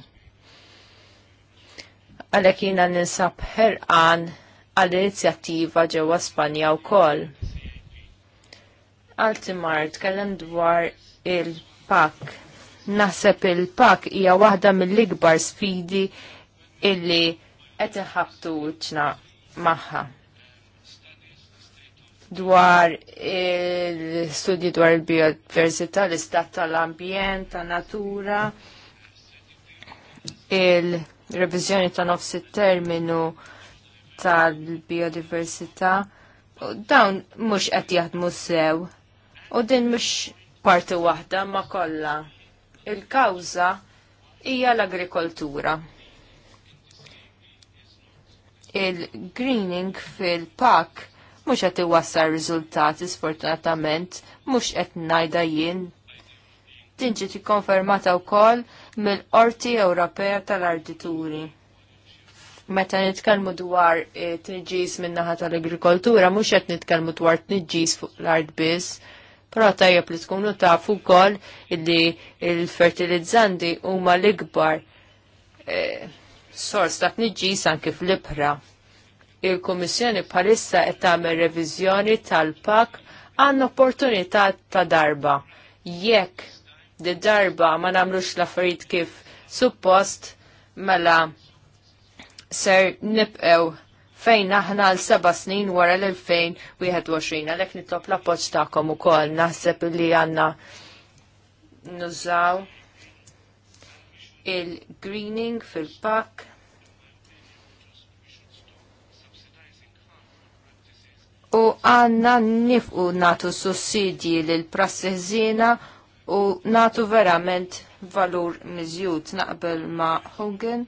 Għalhekk jiena ninsab ħerqan għall-inizjattiva ġewwa Spanja wkoll. Altimar tkellem dwar il-pak. Naħseb il-pak hija waħda mill-ikbar sfidi illi qed iħabtu ċna magħha dwar il-studji dwar il-biodiversità, l-istat tal-ambjent, ta' natura il-revizjoni ta' nofs terminu tal-biodiversità, dawn mhux qed jaħdmu sew u din mhux parti waħda ma kollha. Il-kawża hija l-agrikoltura. Il-greening fil-pak mhux qed iwassal riżultati sfortunatament mhux qed ngħidha jien. Tinġi ikkonfermata wkoll mill-Qorti Ewropea tal-Artituri. Meta nitkellmu dwar eh, tniġis min-naħa tal-agrikoltura mhux qed nitkellmu dwar tniġis fuq l-art biss, Però tajjeb li tkunu taf ukoll li l-fertilizzanti huma l-ikbar eh, sors ta' tniġis anke fl ibra il-Kummissjoni bħalissa qed tagħmel reviżjoni tal-pak għandna opportunità ta' darba. Jekk di darba ma nagħmlux l-affarijiet kif suppost mela ser nibqew fejn aħna għal seba snin wara l-2021, għalek nitlob l-appoċ ta'kom u kol, naħseb li għanna nużaw il-greening fil-pak u għanna nifqu natu sussidji l prassi u natu verament valur mizjut naqbel ma' Hogan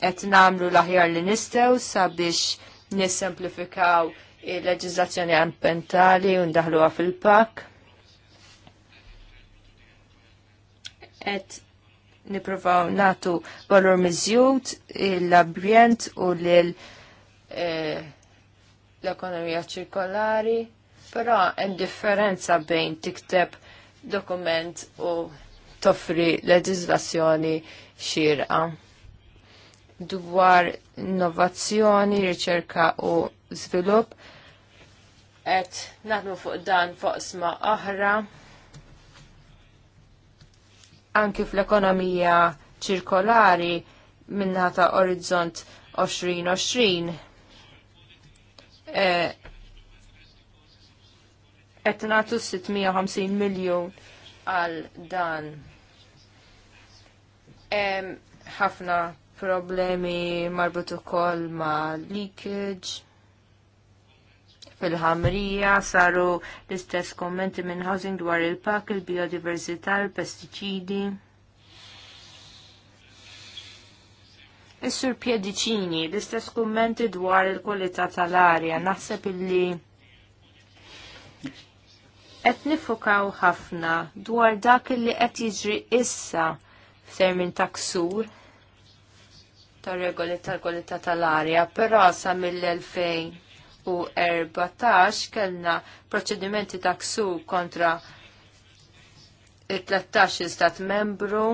qed namlu l-aħjar li nistew sabiex nissemplifikaw il-leġiżlazzjoni ambientali u ndaħluha fil pak Et nippruvaw natu valur miżjud l-ambjent u lil eh, l-ekonomija ċirkolari, però hemm differenza bejn tikteb dokument u toffri leġislazzjoni xirqa dwar innovazzjoni, riċerka u żvilupp qed naħdmu fuq dan fuq sma oħra anki fl-ekonomija ċirkolari minnata ta' orizzont 2020 qed nagħtu 650 miljun għal dan. Hemm ħafna problemi marbut ukoll ma' leakage fil-ħamrija saru l-istess kommenti minn housing dwar il-pak, il-biodiversità, il-pestiċidi. il pak il biodiversità il pestiċidi Is-sur Piediċini, l-istess kummenti dwar il-kwalità tal-arja, naħseb illi qed nifokaw ħafna dwar dak illi qed jiġri issa f'termin ta' ksur tar regoli tal-kwalità tal-arja, però sa mill-2014 kellna proċedimenti ta' ksur kontra il-13 stat membru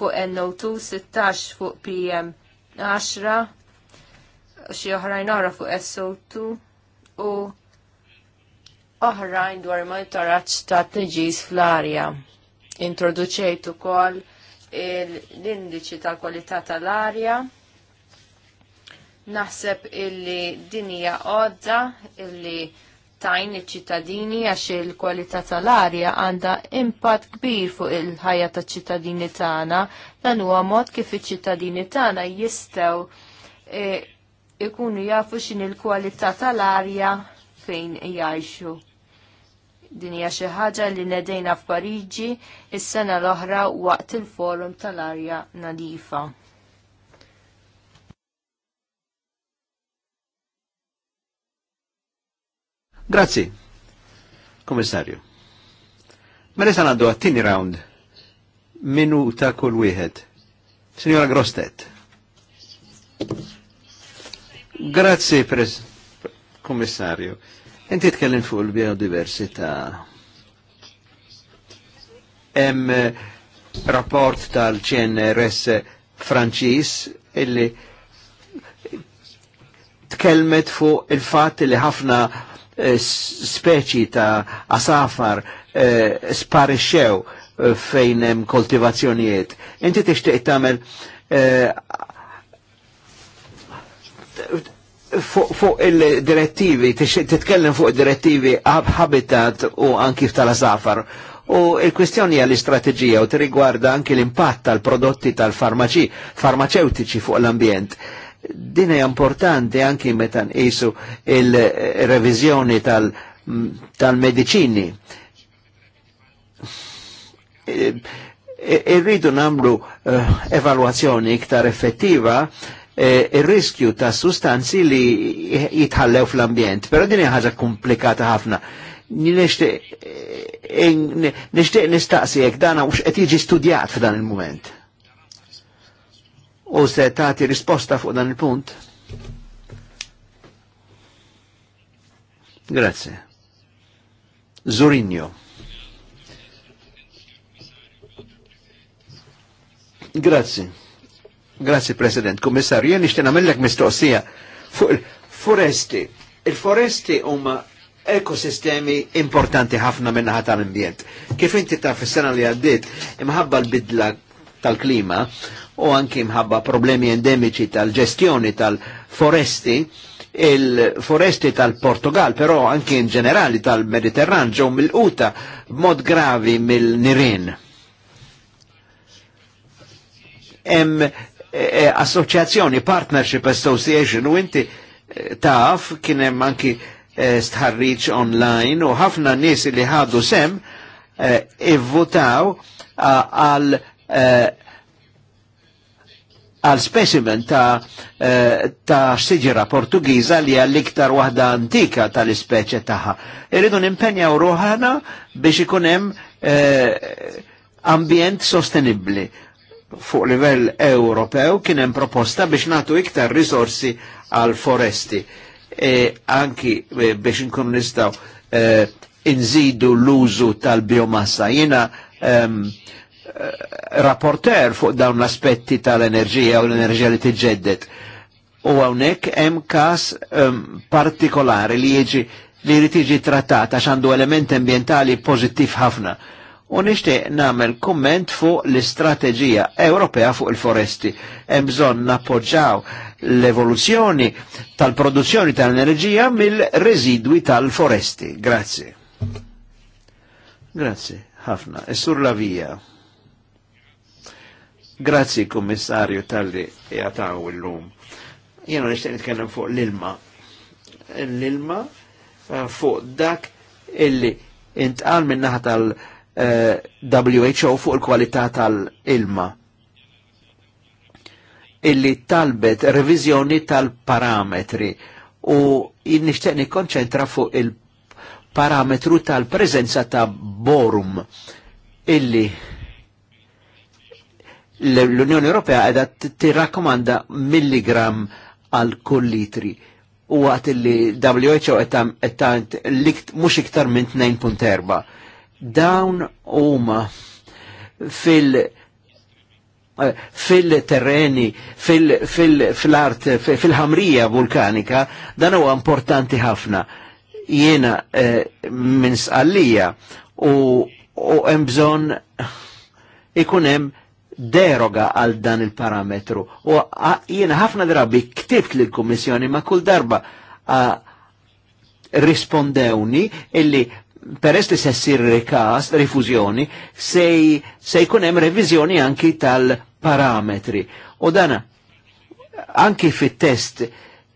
fuq NO2, 16 fuq PM10, xi oħrajn oħra fuq SO2 u oħrajn dwar monitoraġġ ta' tniġis fl-arja. Introduċejt ukoll l-indiċi tal-kwalità tal-arja. Naħseb illi dinija għodda illi tajn iċ-ċittadini għax il-kwalità tal-arja għandha impatt kbir fuq il-ħajja taċ-ċittadini tagħna dan huwa mod kif iċ-ċittadini tagħna jistgħu e, ikunu jafu x'in il-kwalità tal-arja fejn jgħixu. Din hija xi ħaġa li nedejna f'Pariġi is-sena l-oħra waqt il-forum tal-arja nadifa. Grazzi, komissarju. Mela sa għandu għattini round minuta kull wieħed. Signora Grostet. Grazzi, pres komissarju. Inti tkellim fuq il-biodiversità. Hemm rapport tal-CNRS Franċis illi tkellmet fuq il-fatt li ħafna Eh, speċi ta' asafar eh, sparixxew eh, fejn hemm koltivazzjonijiet. Inti tixtieq tagħmel fuq il-direttivi, titkellem fuq direttivi habitat u anki tal-asafar. U il-kwestjoni għall istrateġija u t-rigwarda anki l-impatt tal-prodotti tal-farmaċi, farmaceutiċi fuq l-ambjent. Din hija importanti anki meta nqisu il-reviżjoni tal-mediċini. Irridu e, e namlu eh, evalwazzjoni iktar effettiva il-riskju e, ta' sustanzi li jitħallew fl-ambjent. Pero din ħaġa komplikata ħafna. Nishtiq nistaqsi jekk dana mux qed jiġi studjat f'dan il-moment u se tagħti risposta fuq dan il-punt. Grazie. Zorinjo. Grazie. Grazie, President. Kommissar, jen ixten għamillek mistoqsija fuq il-foresti. Il-foresti huma ekosistemi importanti ħafna minna ħata l-ambjent. Kif inti ta' fissena li għaddit, imħabba l-bidla tal-klima u anki mħabba problemi endemici tal-ġestjoni tal-foresti, il-foresti tal-Portugal, però anki in ġenerali tal-Mediterran ġew mill-quta b'mod gravi mill-nirin. Hemm e, e, associazioni, assoċjazzjoni, partnership association u inti e, taf kien hemm anki stħarriċ online u ħafna nies li ħadu sem ivvutaw għal uh, Eh, għal specimen ta', eh, ta siġra portugiza li għal iktar wahda antika tal-ispeċe taħħa. Irridu nimpenjaw ruħana biex ikunem eh, ambjent sostenibli fuq livell Ewropew kienem proposta biex natu iktar risorsi għal foresti. E, anki biex nkun nistaw inżidu l-użu tal-biomassa. Jina eh, Eh, rapporter fuq dawn l-aspetti tal-enerġija u l-enerġija li tiġġeddet. U hawnhekk hemm każ um, partikolari li jiġi li jrid jiġi trattat għax għandu element ambientali pożittiv ħafna. U nixtieq nagħmel kumment fuq l-istrateġija Ewropea fuq il-foresti. Hemm bżonn nappoġġaw l-evoluzzjoni tal-produzzjoni tal-enerġija mill-residwi tal-foresti. Grazzi. Grazzi ħafna. Essur la via. Grazzi kummissarju tal-li jataw il-lum. Jena nishtiq nitkellem fuq l-ilma. L-ilma eh, fuq dak illi intqal minnaħ tal-WHO eh, fuq il-kwalità tal-ilma illi talbet revizjoni tal-parametri u nishtiq nikkonċentra fuq il-parametru tal-prezenza ta' borum illi l-Unjoni Ewropea edha tirrakkomanda milligram għal kull litri u għat li WHO għetant likt mux iktar minn 2.4. Dawn huma fil- eh, fil-terreni, fil-art, fil-ħamrija vulkanika, dan huwa importanti ħafna. Jiena eh, minn sqallija u hemm bżonn ikun hemm deroga għal dan il-parametru. U jiena ħafna drabi ktibt lill kummissjoni ma kull darba rispondewni illi peress li se ssir rikas, rifużjoni, se jkun hemm revizjoni anki tal-parametri. U dana anki fit-test e,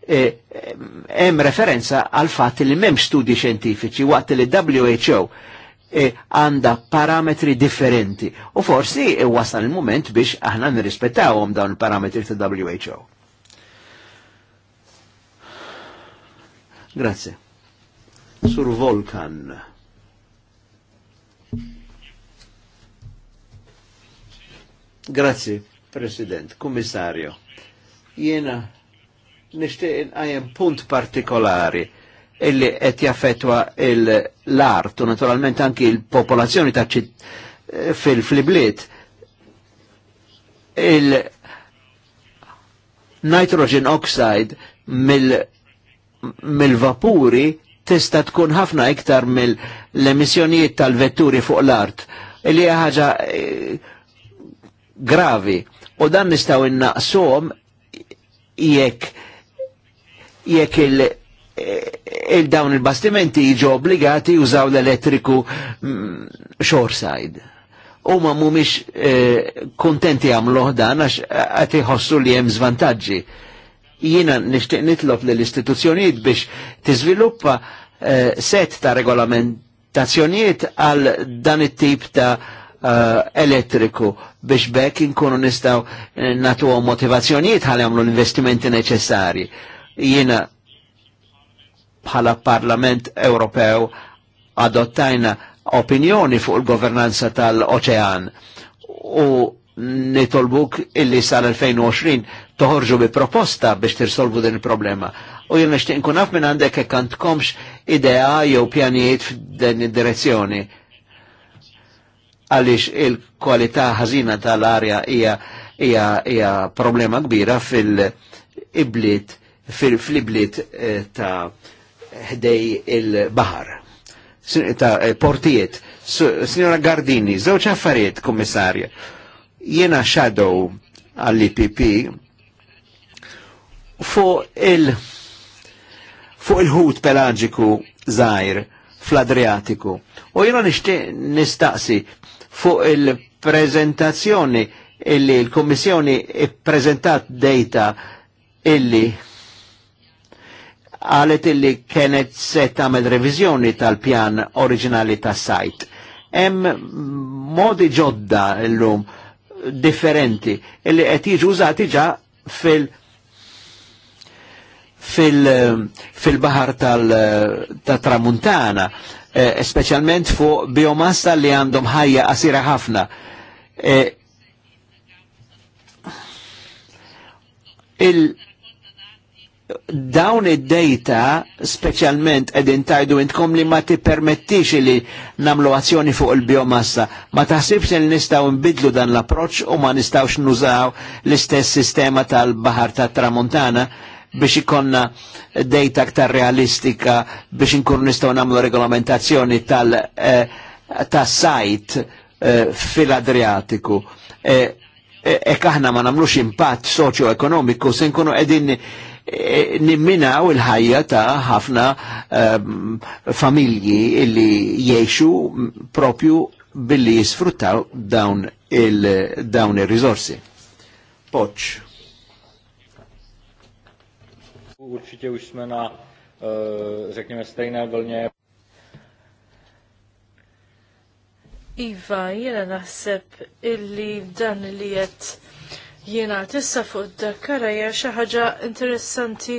e, hemm eh, referenza għal fatt li m'hemm studi xjentifiċi waqt li WHO E għanda e parametri differenti. U forsi e wasal il-moment biex aħna nirrispettawhom dawn il-parametri ta' WHO. Grazie. Sur Volkan. Grazie, President, Commissario. Jena nishtiq punt partikolari illi qed jaffetwa l-art u naturalment anki l-popolazzjoni ta' eh, fil flibliet il-nitrogen oxide mill-vapuri mil tista tkun ħafna iktar mill-emissjonijiet tal-vetturi fuq l-art li ħaġa eh, gravi u dan nistaw innaqsom jekk jekk il- Eh, il-dawn il-bastimenti jiġu obbligati jużaw l-elettriku mm, shoreside. Huma mhumiex eh, kontenti għamluh dan għax qed eh, iħossu li hemm zvantagġi. Jiena nixtieq nitlob lill-istituzzjonijiet biex tiżviluppa set ta' regolamentazzjonijiet għal dan it-tip ta' elettriku biex bekk inkunu nistaw natu motivazzjonijiet għal l-investimenti neċessari. Jiena bħala Parlament Ewropew adottajna opinjoni fuq il-governanza tal-oċean u nitolbuk illi sal-2020 toħorġu bi proposta biex tirsolvu din il-problema. U jien xtiq nkunaf naf minn għandek e kantkomx idea jew pjanijiet f'din id-direzzjoni. Għaliex il-kwalità ħażina tal-arja hija hija hija problema kbira fil iblit fil iblit eh, ta' ħdej il-bahar. Ta' eh, portijiet. Signora Gardini, zewċ affarijiet, kommissarja. Jena shadow għall-IPP fuq il- fuq il-ħut pelagiku zaħir fl-Adriatiku. U jena nistaqsi fuq il-prezentazzjoni illi il kommissjoni i prezentat data illi għalet illi kienet se tagħmel revizjoni tal-pjan oriġinali tas-sajt. Hemm modi ġodda llum differenti illi qed jiġu użati ġa fil- fil, fil bahar tal-Tramuntana, tal eh, specialment fuq biomassa li għandhom ħajja asira ħafna. Eh, il- dawn id-data specialment edin tajdu intkom li ma tippermettix li namlu azzjoni fuq il-biomassa. Ma taħsibx li nistaw nbidlu dan l-approċ u ma nistawx nużaw l-istess sistema tal-bahar ta' tramontana biex ikonna data aktar realistika biex inkun nistaw namlu regolamentazzjoni tal- eh, ta' sajt eh, fil-Adriatiku. Eh, eh, Ek aħna ma namlux impatt soċio-ekonomiku, se nkunu edin nimminaw il-ħajja ta' ħafna ehm, familji illi jiexu propju billi jisfruttaw dawn il-rizorsi. dawn il Poċ. Určitě už jsme na, eh, řekněme, stejné vlně. Iva, jena naħseb illi dan li jett Jiena tissa fuq d-dakkara xi ħaġa interessanti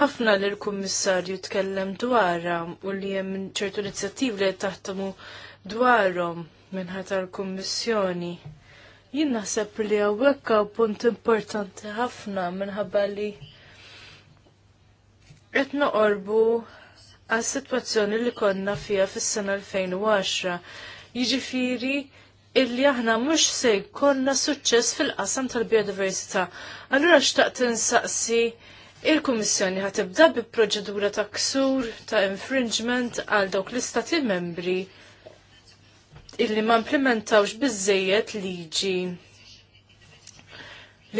ħafna li l-Kummissarju tkellem dwarha u li hemm ċertu inizjattivi li taħtamu dwarhom minħata l-Kummissjoni. Jien naħseb li hawnhekk hawn punt importanti ħafna minħabba li qed noqorbu għas-sitwazzjoni li konna fija fis-sena 2010. Jiġifieri illi aħna mhux se jkollna suċċess fil-qasam tal-biodiversità. Allura xtaqt insaqsi il-Kummissjoni ħat tibda bi proċedura ta' ksur ta' infringement għal dawk l-istati membri illi ma implementawx bizzejiet liġi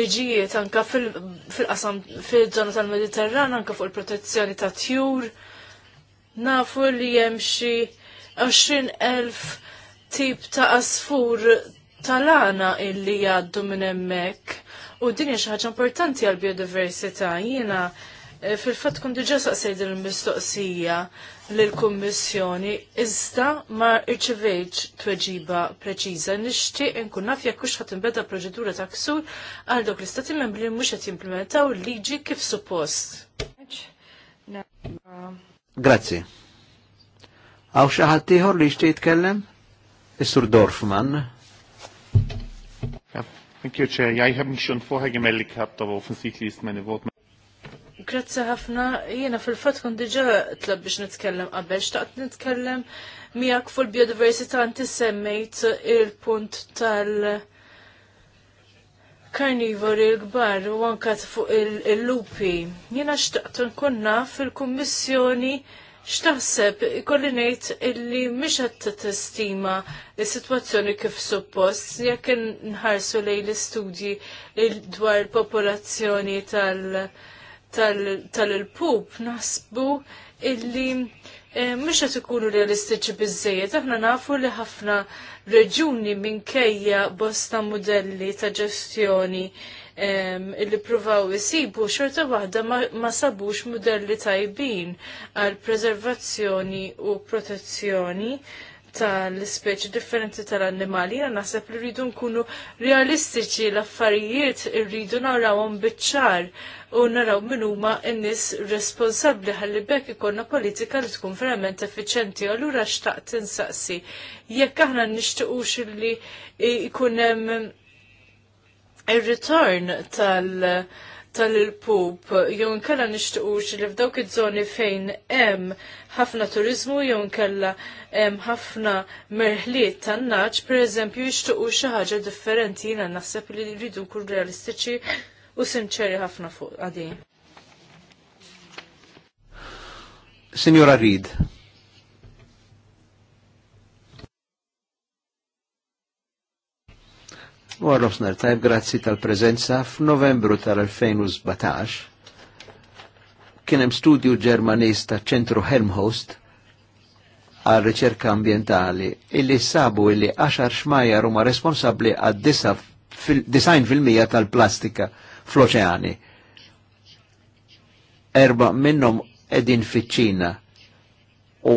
liġijiet anka fil-qasam fil-ġona tal-Mediterran anka fuq il-protezzjoni ta' tjur nafu li hemm xi 20,000 tip ta' asfur tal-għana illi jgħaddu minn hemmhekk. U din hija xi ħaġa importanti għall biodiversità jiena eh, fil-fatt kont diġà saqsej din il-mistoqsija lill-Kummissjoni iżda ma rċevejtx tweġiba preċiża. Nixtieq inkun naf jekk hux ħadd inbeda proċedura ta' ksur għal dawk l-istati membri li mhux qed jimplementaw liġi kif suppost. Grazzi. Għaw xi ħadd ieħor li xtiet kellem? Is-Sur Dorfman. Thank you, Chair. Ja, ich habe mich schon vorher gemeldet gehabt, aber offensichtlich ist meine Wortmeldung. Grazzi ħafna, jiena fil-fat kun diġa tlab biex nitkellem qabel, xtaqt nitkellem miak fuq biodiversita biodiversità semmejt il-punt tal- karnivori l-gbar u anka fuq il-lupi. Jena xtaqt nkun fil kommissjoni X'taħseb ikolli ngħid illi miexat qed testima s-sitwazzjoni kif suppost jekk nħarsu lejn l-istudji dwar il-popolazzjoni tal pup naħsbu illi eh, mhux qed ikunu realistiċi biżejjed. Aħna nafu li ħafna reġuni minkejja bosta modelli ta' ġestjoni illi pruvaw isibu xorta waħda ma sabux modelli tajbin għal preservazzjoni u protezzjoni tal-speċi differenti tal-annimali, għan naħseb li rridu nkunu realistiċi l-affarijiet rridu narawhom biċċar u naraw minn huma n-nies responsabbli ħalli bekk ikollna politika li tkun verament effiċenti. Allura xtaqt insaqsi jekk aħna nixtiequx li jkun hemm ir-return tal- tal-pub jew kalla nixtiequx li f'dawk iż-żoni fejn hemm ħafna turiżmu jew kalla hemm ħafna merħliet tan-naċ, pereżempju jixtiequ xi ħaġa differenti jiena naħseb li jridu nkun realistiċi u sinċeri ħafna fuq għadi. Signora Reed. Warrof Snartajb, grazzi tal-prezenza. F'Novembru tal-2017 kienem studju ġermanis ta' ċentru Helmhost għal riċerka ambientali illi sabu illi 10 xmajar huma responsabbli għad design fil-mija tal-plastika fl-oċeani. Erba minnhom edin fiċ-Ċina u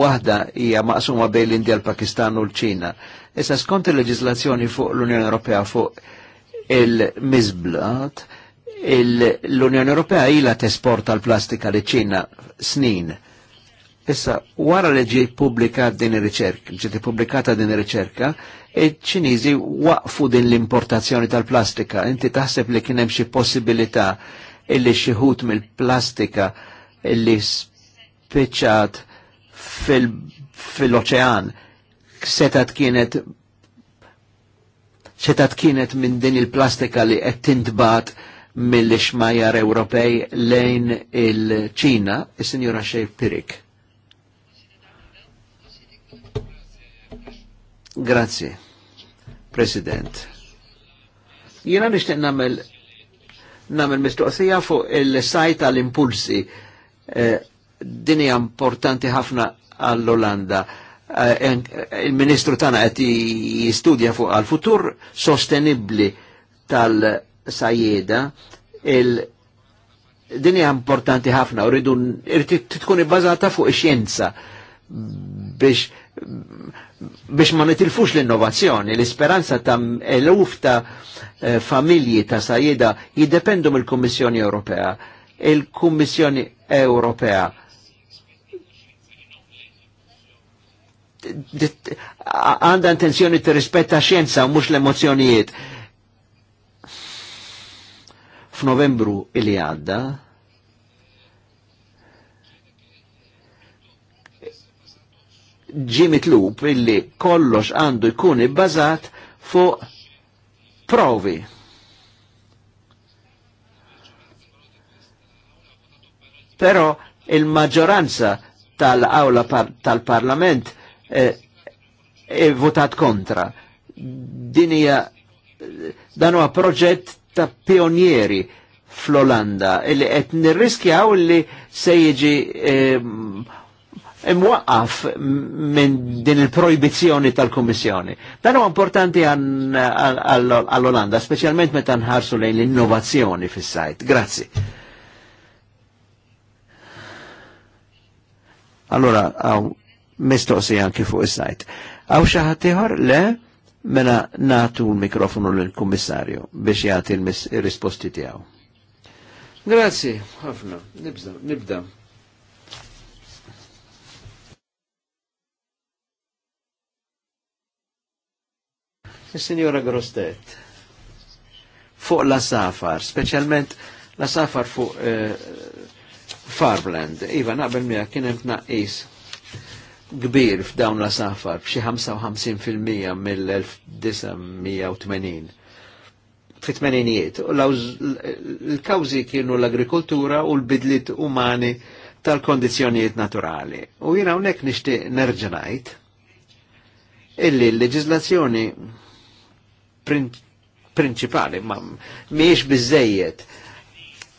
waħda hija maqsuma bejn l-Indja, l-Pakistan u l-Ċina. Issa skont il-leġislazzjoni fuq l-Unjoni Ewropea fuq il-mizblat, l-Unjoni Ewropea ila t-esporta l-plastika li ċina snin. Issa, wara li ġi publikat din ir-riċerka, ġiet pubblikata din il riċerka il-ċinizi waqfu din l-importazzjoni tal-plastika. Inti taħseb li kienem xie possibilita illi xieħut mill-plastika illi spiċat fil-oċean. fil setat kienet setat kienet minn din il-plastika li qed tintbat mill-ixmajjar Ewropej lejn il-ċina, is-Sinjura Xej Pirik. Grazie, President. Jena nixtieq nagħmel namel mistoqsija fuq il-sajt tal impulsi eh, Din importanti ħafna għall-Olanda. Eh, eh, il-ministru tana qed jistudja fuq għal-futur sostenibbli tal-sajjeda il din hija importanti ħafna u rridu tkun ibbażata fuq ix-xjenza biex biex ma nitilfux l-innovazzjoni, l-isperanza ta' eluf ta' eh, familji ta' sajjeda jiddependu mill-Kummissjoni Ewropea. Il-Kummissjoni Ewropea għanda intenzjoni ti rispetta xienza u mux l-emozjonijiet. F'Novembru il-li għadda, ġi mitlub illi kollox għandu jkun ibbażat fuq provi. Però il-maġġoranza tal-awla par tal-parlament e votat kontra. Dinija danu dan proġett ta' pionieri fl-Olanda illi et nirriskjaw illi sejġi jiġi eh, imwaqqaf minn din il projbizjoni tal komissjoni Dan huwa importanti għall-Olanda, speċjalment meta nħarsu lejn l-innovazzjoni fis-sajt. Grazzi. Allora, għaw mistoqsija anki fuq is-sajt. Għaw xi ħadd ieħor le mela natu l-mikrofonu lill-kummissarju biex jagħti l-risposti tiegħu. Grazzi, ħafna, nibda, nibda. Il-Sinjora Grostet, fuq la safar, specialment la safar fuq eh, farmland, iva naqbel mija kienem tnaqis kbir f'dawn la safar b'xi 55% mill-1980. Fit-tmeninijiet. L-kawzi kienu l-agrikoltura u l-bidlit umani tal-kondizjonijiet naturali. U jina unnek nishti nerġenajt illi l-leġizlazzjoni prinċipali ma miex bizzejiet.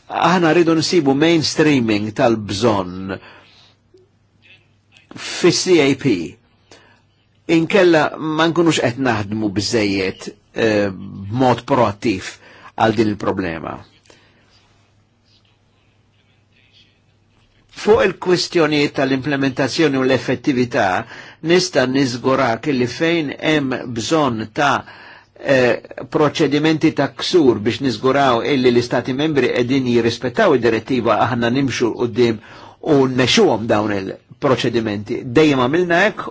Aħna rridu nsibu mainstreaming tal-bżonn fis-CAP inkella ma nkunux qed naħdmu biżejjed eh, b'mod proattiv għal din il-problema. Fuq il-kwistjoni tal-implementazzjoni u l-effettività nista nizgurak li fejn hemm bżonn ta' eh, proċedimenti ta' ksur biex nizguraw illi l-istati membri edin jirrispettaw id-direttiva aħna nimxu qoddim u nexuhom dawn il-proċedimenti. Dejjem għamilna hekk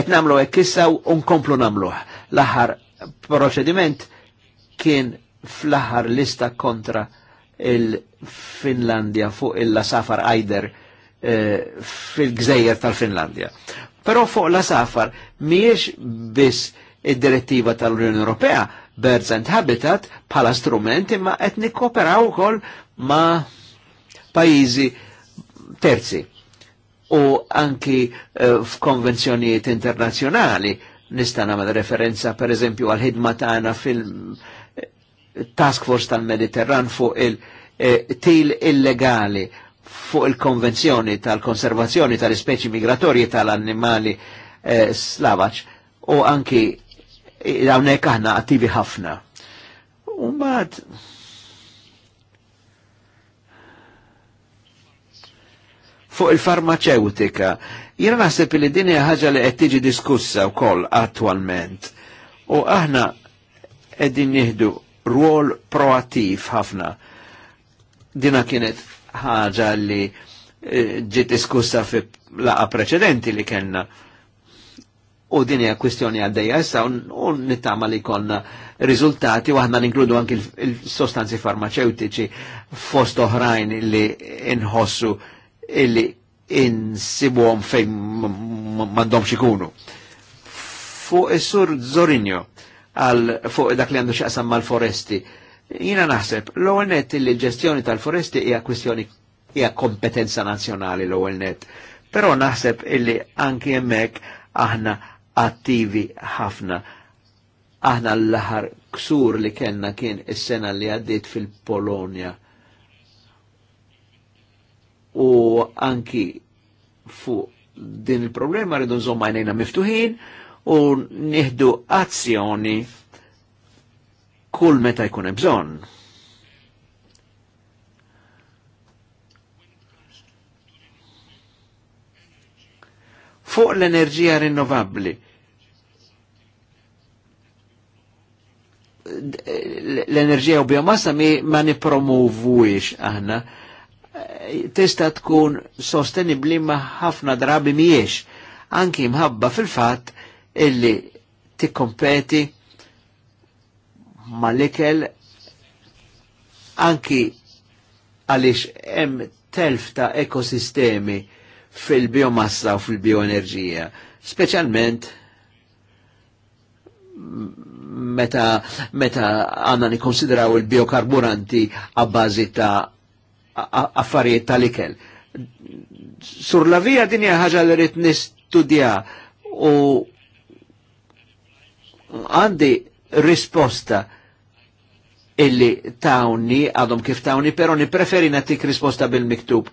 et nagħmlu hekk kissa u nkomplu nagħmluh. L-aħħar proċediment kien fl-aħħar lista kontra il-Finlandja fuq il-Lasafar Aider eh, fil-gżejjer tal-Finlandja. Però fuq l lasafar miex biss id-direttiva tal-Unjoni Ewropea Birds and Habitat bħala strument imma qed kooperaw ukoll ma' pajizi terzi u anki eh, f'konvenzjonijiet internazzjonali nista' nagħmel referenza per eżempju għal ħidma tagħna fil eh, task force tal-Mediterran fuq il-til eh, illegali fuq il-konvenzjoni tal-konservazzjoni tal-ispeċi migratorji tal-annimali slavaċ u anki hawnhekk aħna attivi ħafna. U mbagħad fuq il-farmaceutika. Jena naħseb li din hija ħaġa li qed tiġi diskussa wkoll attwalment. U aħna qegħdin nieħdu rwol proattiv ħafna. Dina kienet ħaġa li eh, ġiet diskussa fi laqa preċedenti li kellna. U din hija kwistjoni għaddejja issa u nittama li konna riżultati u aħna ninkludu anki il-sostanzi farmaceutiċi fost oħrajn li inħossu illi insibuhom fejn m'għandhomx ikunu. Fuq is-sur Zorinjo għal fuq dak li għandu xaqsam mal-foresti. Jina naħseb, l-ewwel net li l-ġestjoni tal-foresti hija kwistjoni hija kompetenza nazzjonali l-ewwel Pero Però naħseb illi anki hemmhekk aħna attivi ħafna. Aħna l-aħħar ksur li kellna kien is-sena li għaddiet fil-Polonja u anki fuq din il-problema rridu nżomma jnejna miftuħin u nieħdu azzjoni kull meta jkun hemm bżonn. Fuq l-enerġija rinnovabbli. L-enerġija u biomassa mi ma nipromovwix aħna tista tkun sostenibli ma ħafna drabi miex, anki mħabba fil-fat illi tikkompeti ma l-ikel anki għalix hemm telf ta' ekosistemi fil-biomassa u fil-bioenerġija, specialment meta meta għanna nikonsidraw il-biokarburanti għabbażi ta' affarijiet tal-ikel. Sur la vija din hija ħaġa li rrid nistudja u għandi risposta illi tawni, għadhom kif tawni, pero nipreferi natik risposta bil-miktub.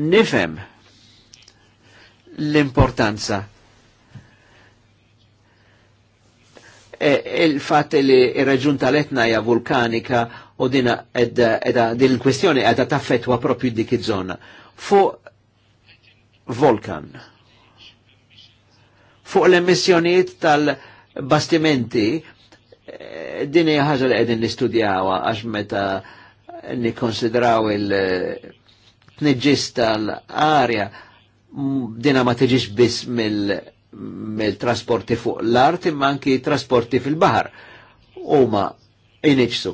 Nifem l-importanza e, il-fat li il reġun tal-etna vulkanika u dina edha ed, din kwestjoni edha taffetwa propju dik iż-żona. Fuq Volkan, fuq l emissjoniet tal-bastimenti, eh, dini ħaġa li għedin nistudjawa għax meta nikonsidraw il-tneġis tal-arja, dina ma teġiġ biss mill-trasporti fuq l-art imma anki trasporti fil-bahar. Uma iniċsu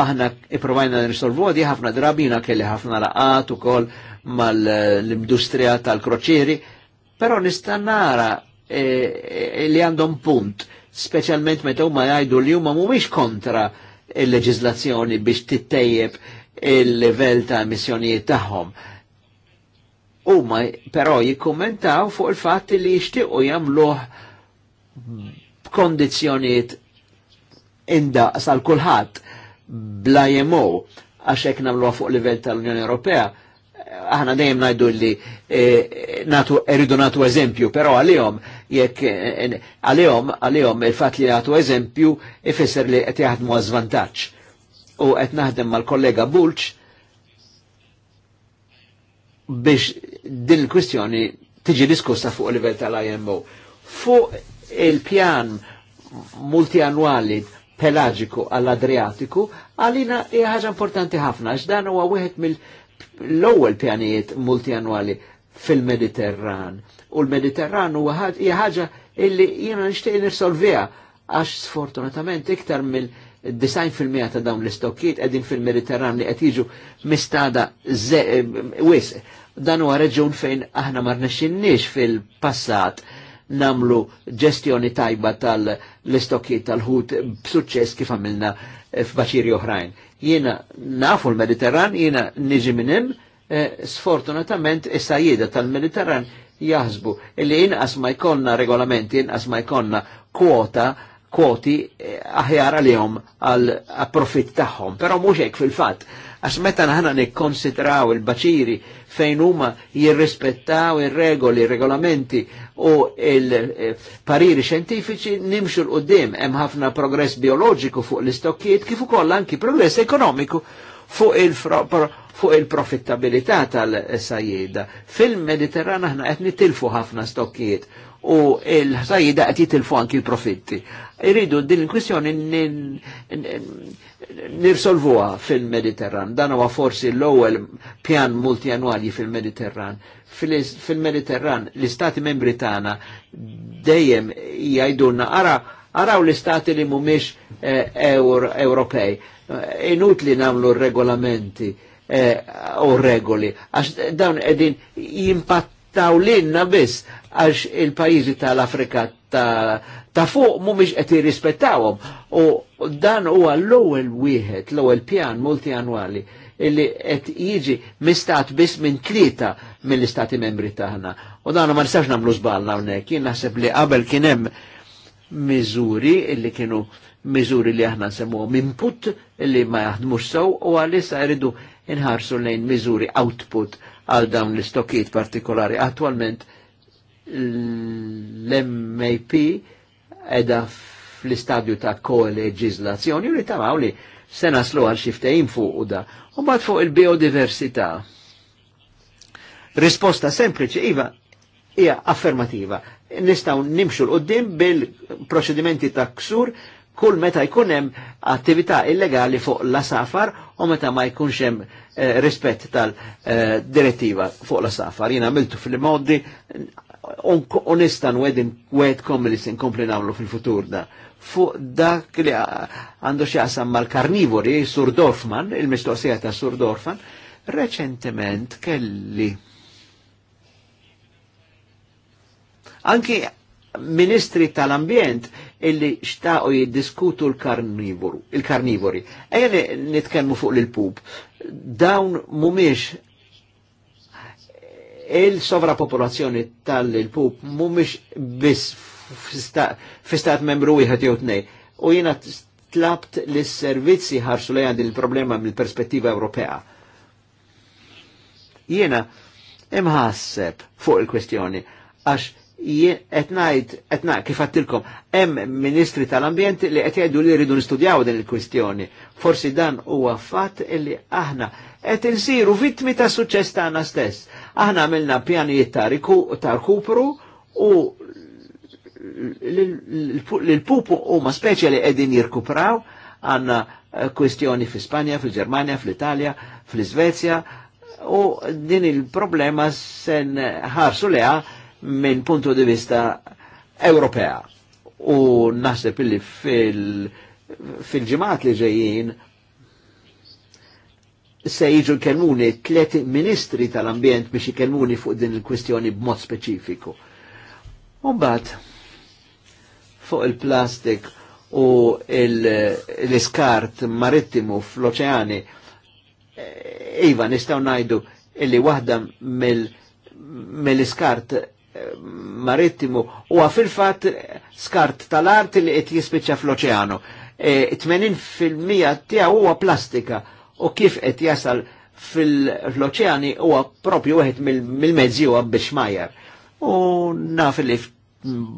aħna iprovajna nirsolvu għadi ħafna drabina kelli ħafna laqat u kol mal-industrija tal-kroċieri, pero nistannara eh, eh, li għandhom punt, specialment meta huma jgħidu li huma mhumiex kontra il-leġizlazzjoni biex tittejjeb il-level ta' emissjonijiet tagħhom. Huma però jikkummentaw fuq il-fatt li jixtiequ jagħmluh b'kondizzjonijiet indaqs għal kulħadd bl-IMO għax hekk nagħmluha fuq livell tal-Unjoni Ewropea aħna dejjem najdu li e, natu, eridu natu eżempju, pero għalihom jekk għalihom għalihom il-fatt li natu eżempju ifisser li qed jaħdmu għażvantaġġ. U qed naħdem mal-kollega Bulċ biex din il-kwistjoni tiġi diskussa fuq livell tal-IMO. Fuq il-pjan multianwali pelagiku għall-Adriatiku, għalina hija ħaġa importanti ħafna, għax dan huwa wieħed mill-ewwel pjanijiet multianwali fil-Mediterran. U l-Mediterran huwa hija ħaġa illi jiena nixtieq nirsolvija għax sfortunatament iktar mill- 90% ta' dawn l-istokkiet qegħdin fil-Mediterran li qed jiġu mistada eh, wis. Dan huwa reġun fejn aħna ma rnexxinniex fil-passat namlu ġestjoni tajba tal-istokkiet tal-ħut b'suċċess kif għamilna f'baċiri oħrajn. Jiena nafu l-Mediterran, jiena niġi minn hemm, eh, sfortunatament issa jieda tal-Mediterran jaħsbu illi inqas ma jkollna regolamenti, inqas ma jkollna kwota kwoti e, aħjar għal-jom għal profitt tagħhom, però mhux hekk fil-fatt Għax meta naħna nikkonsidraw il-baċiri fejn huma jirrispettaw ir-regoli, regolamenti u il-pariri xjentifiċi nimxu l-qudiem hemm ħafna progress bioloġiku fuq l-istokkiet kif ukoll anki progress ekonomiku fuq il fuq il-profittabilità tal sajjida Fil-Mediterran aħna qed nitilfu ħafna stokkiet u l ħsajjid għat jitilfu anki l-profitti. Iridu din il-kwistjoni nirsolvuha fil-Mediterran. Dan huwa forsi l-ewwel pjan multjanwali fil-Mediterran. Fil-Mediterran l-Istati membri tagħna dejjem jgħidulna ara araw l-istati li mhumiex eh, Ewropej. Eh, inutli nagħmlu regolamenti eh, u regoli, għax dawn qegħdin jimpattaw l-inna biss għax il-pajizi tal-Afrika ta', fuq fuq miex qed jirrispettawhom. U dan huwa l-ewwel wieħed, l-ewwel pjan multianwali illi qed jiġi mistat biss minn tlieta mill-istati membri tagħna. U dan ma nistax nagħmlu żball hawnhekk, jien naħseb li qabel kien hemm miżuri illi kienu miżuri li aħna nsemmuhom input illi ma jaħdmux sew u għalissa jridu inħarsu lejn miżuri output għal dawn l-istokiet partikolari. Attualment l-MAP edha fl-istadju ta' koleġizlazzjoni u li tamaw li sena slu għal xiftejn fuq u da. U bat fuq il-biodiversità. Risposta sempliċi, Iva, hija affermativa. Nistaw nimxu l-qoddim bil-proċedimenti ta' ksur kull meta jkun hemm attività illegali fuq la safar u meta ma jkunx hemm eh, rispett tal-direttiva eh, fuq la safar. Jien għamiltu fil-modi onestan wedkom sen sinkompli namlu fil-futur da. Fuq dak li għandu xjaqsam mal-karnivori, Sur Dorfman, il-mistoqsija ta' Sur Dorfman, reċentement kelli. Anki ministri tal-ambjent illi xtaqo jiddiskutu l-karnivori. Il Ejja nitkellmu fuq l-pub. Dawn mumiex il popolazzjoni tal-pup mumiex biss fistat membru wieħed jew tnej. U jiena tlabt li s-servizzi ħarsu lejn din il-problema mill-perspettiva Ewropea. Jiena imħasseb fuq il-kwestjoni għax etnajt, etna, kif għattilkom, em ministri tal-ambjent li qed jgħidu li rridu nistudjaw din il kwestjoni Forsi dan huwa fatt li aħna qed insiru vittmi ta' suċċess tagħna stess. Aħna għamilna pjanijiet ta' rkupru u l-pupu huma speċja li qegħdin jirkupraw għandna eh, kwestjoni fi Spanja, fil ġermanja fl-Italja, fl-Svezja u din il-problema sen ħarsu leha minn puntu di vista Ewropea. U naħseb illi fil ġimat li ġejjin se jiġu kelmuni tlet ministri tal-ambjent biex ikelmuni fuq din il-kwistjoni b'mod speċifiku. Umbat, fuq il-plastik u l-iskart marittimu fl-oċeani, eh, iva nistaw najdu illi wahda mill-iskart eh, marittimu u fil-fat skart tal-art li qed jispiċċa fl-oċeanu. 80% eh, tiegħu huwa plastika u kif qed jasal fil-oċeani huwa propju wieħed mill-mezzi huwa biex majar. U naf li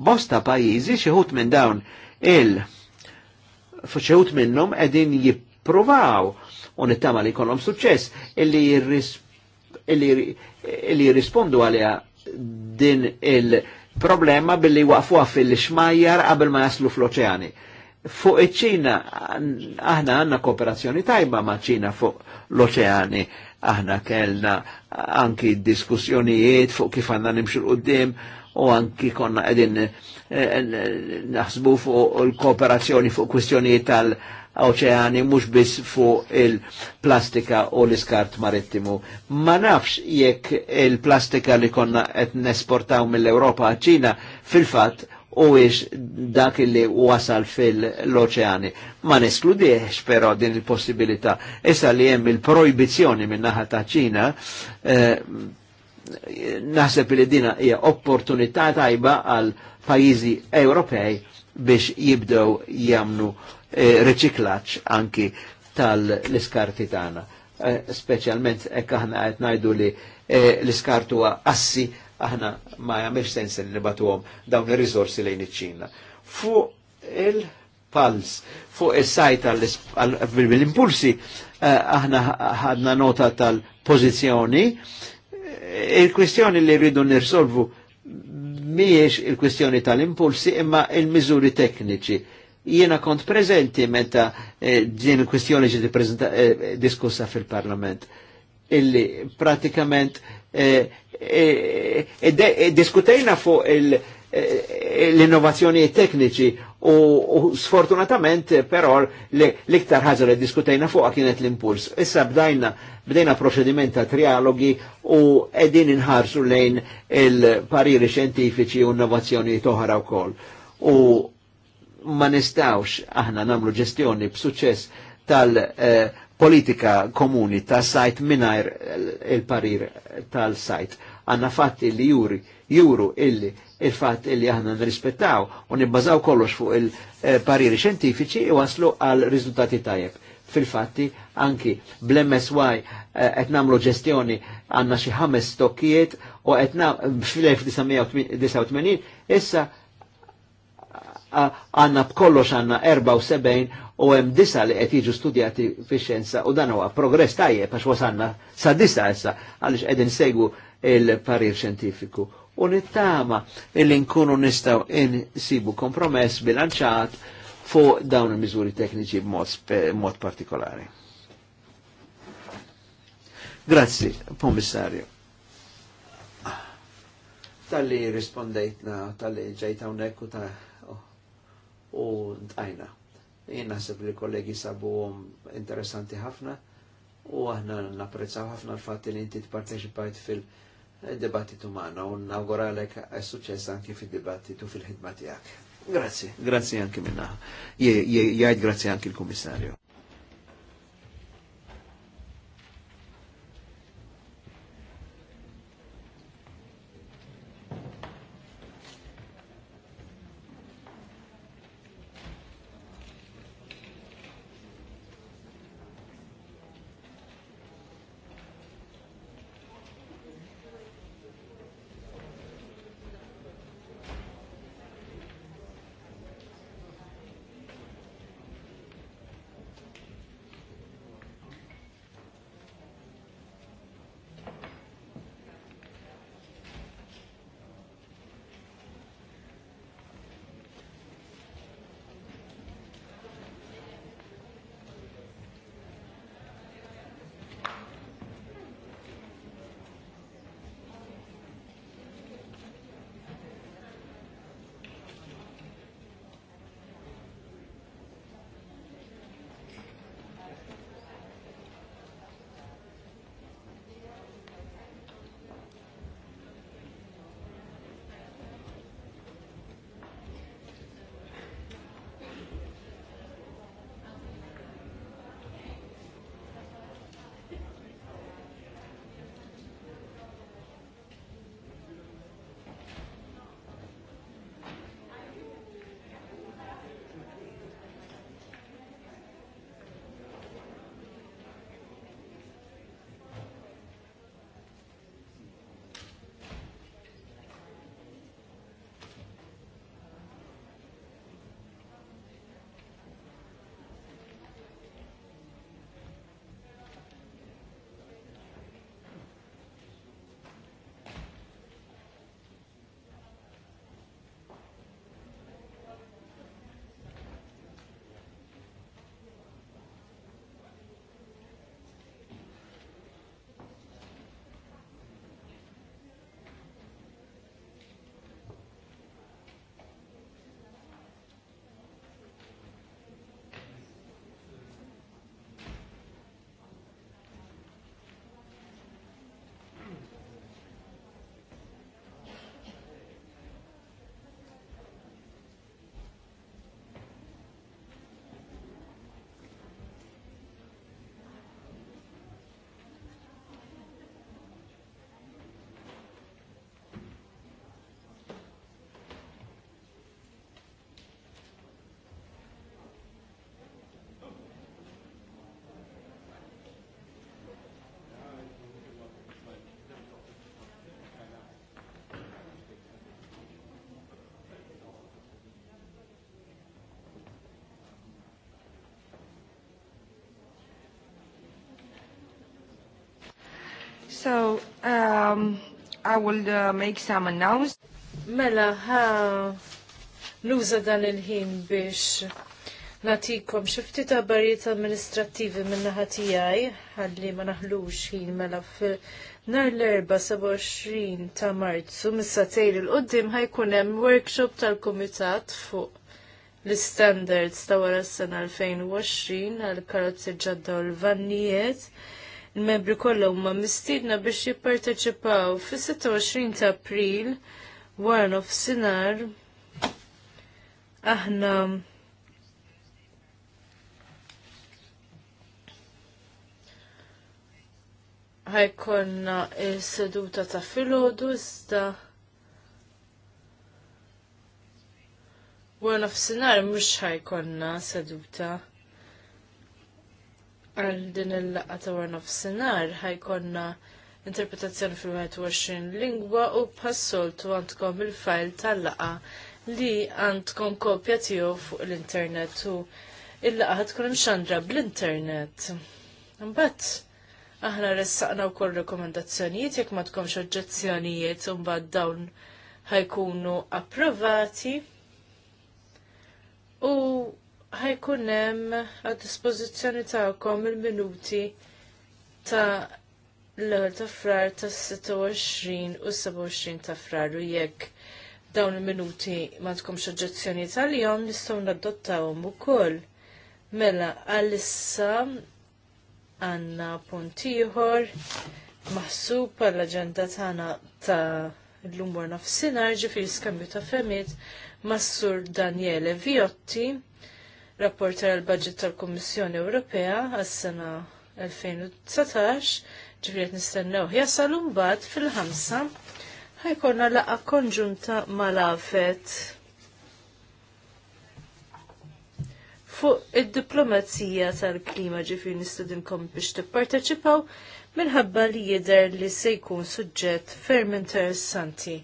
bosta pajjiżi ħut minn dawn il xieħut minnhom qegħdin jippruvaw u nittama li jkollhom suċċess illi jirrispondu għaliha din il-problema billi waqfuha fil-xmajjar qabel ma jaslu fl-oċeani fuq iċ-ċina aħna għanna kooperazzjoni tajba ma' ċina fuq l-oċeani. Aħna kellna anki diskussjonijiet fuq kif għanna nimxu l-qoddim u anki konna edin eh, eh, naħsbu fuq l-kooperazzjoni fuq kwistjonijiet tal-oċeani mux biss fuq il-plastika u l-iskart marittimu. Ma nafx jekk il-plastika li konna qed nesportaw mill-Europa ċina fil-fat u ix dak li wasal fil-oċeani. Ma neskludiex però din il-possibilità. Issa li hemm il-projbizjoni minn naħa ta' ċina, eh, naħseb li dina hija opportunità tajba għal pajjiżi Ewropej biex jibdew jamnu eh, riċiklaċ anki tal-iskarti tagħna. Eh, speċjalment hekk aħna qed ngħidu li eh, l-iskartu assi aħna ma jagħmilx sens li nibatuhom dawn ir rizorsi lejn iċ-Ċina. Fuq il-pals, fuq is-sajt għall-impulsi eh, aħna ħadna nota tal-pożizzjoni, il-kwestjoni li rridu nirsolvu miex il-kwestjoni tal-impulsi imma il-miżuri tekniċi. Jiena kont prezenti meta eh, din il-kwestjoni ġi eh, diskussa fil-Parlament illi pratikament E, e e diskutejna fuq l-innovazzjoni tekniċi u sfortunatament però l-iktar ħaġa li diskutejna fuqha kienet l-impuls. Issa bdajna bdejna proċediment ta' trialogi u edin inħarsu lejn il-pariri xjentifiċi u innovazzjoni toħra wkoll. U ma nistawx aħna namlu ġestjoni b'suċċess tal- eh, politika komuni ta' sajt minajr il-parir tal-sajt. Għanna fatti li juri, juru illi il-fatt illi aħna nrispettaw u nibbażaw kollox fuq il-pariri xjentifiċi u waslu għal riżultati tajjeb. Fil-fatti anki bl-MSY eh, qed nagħmlu ġestjoni għandna xi ħames stokkijiet u qed fil-1989 issa għanna b'kollox għanna 74 u hemm disa li qed jiġu studjati fix-xjenza u dan huwa progress tajjeb għax wasanna sa disa issa għaliex qegħdin segu il-parir xjentifiku. U nittama illi nkunu nistgħu insibu kompromess bilanċat fuq dawn il-miżuri tekniċi b'mod partikolari. Grazzi, Komissarju. Tal-li rispondejtna, tal-li ġejta unnek u ta' u ntajna. Jien naħseb li kollegi sabuhom interessanti ħafna u aħna napprezzaw ħafna l-fatt li inti t-parteċipajt fil-dibattitu maħna u nawguralek għessuċess anki fid-dibattitu fil-ħidma Grazie, Grazie, anki minna. Jgħid grazie anki l komissarju So, um, I will uh, make some announcements. Mela, ha, luza dan il-ħin biex natikom xiftit ta' barijiet amministrativi minna ħatijaj, għalli ma naħlux ħin mela f-nar l-erba ta' marzu, missa tejl il-qoddim ħajkunem workshop tal-komitat fuq l-standards ta' wara s-sena 2020 għal karotzi ġadda u l-vannijiet il-membri kollha huma mistiedna biex jipparteċipaw fis-26 ta' April wara nofsinhar aħna ħajkonna seduta ta' filgħodu iżda wara nofsinhar mhux ħajkonna seduta għal din il-laqqa ta' warna f'sinar ħajkonna interpretazzjoni fil-21 lingwa u bħassoltu għandkom il-fajl tal-laqqa li għandkom kopja tiegħu fuq l-internet u il-laqqa ħatkun imxandra bl-internet. Mbagħad aħna ressaqna wkoll rekomendazzjonijiet jekk ma tkomx oġġezzjonijiet u mbagħad dawn ħajkunu approvati. U ħajkunem hemm għad-dispożizzjoni tagħkom il-minuti ta' l ta' frar tas-26 u 27 ta' frar u jekk dawn il-minuti ma tkomx oġġezzjoni tal-jom nistgħu nadottawhom ukoll. Mela għalissa għandna puntiħor maħsub għall-aġenda tagħna ta' l-lum nafsinar ġifir skambju ta' femit massur Daniele Viotti rapporter għal budget tal-Kommissjoni Ewropea għas-sena 2019, ġifriet nistennew jasal mbagħad fil-ħamsa ħajkonna laqa konġunta mal-afet fuq id-diplomazija tal-klima ġifir nistudinkom biex tipparteċipaw minħabba li jider li se jkun suġġett ferm interessanti.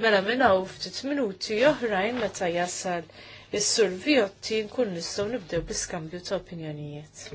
Mela minnaw ftit minuti oħrajn meta jasal is-sur Vjotti nkun nistgħu nibdew bl-iskambju ta' opinjonijiet.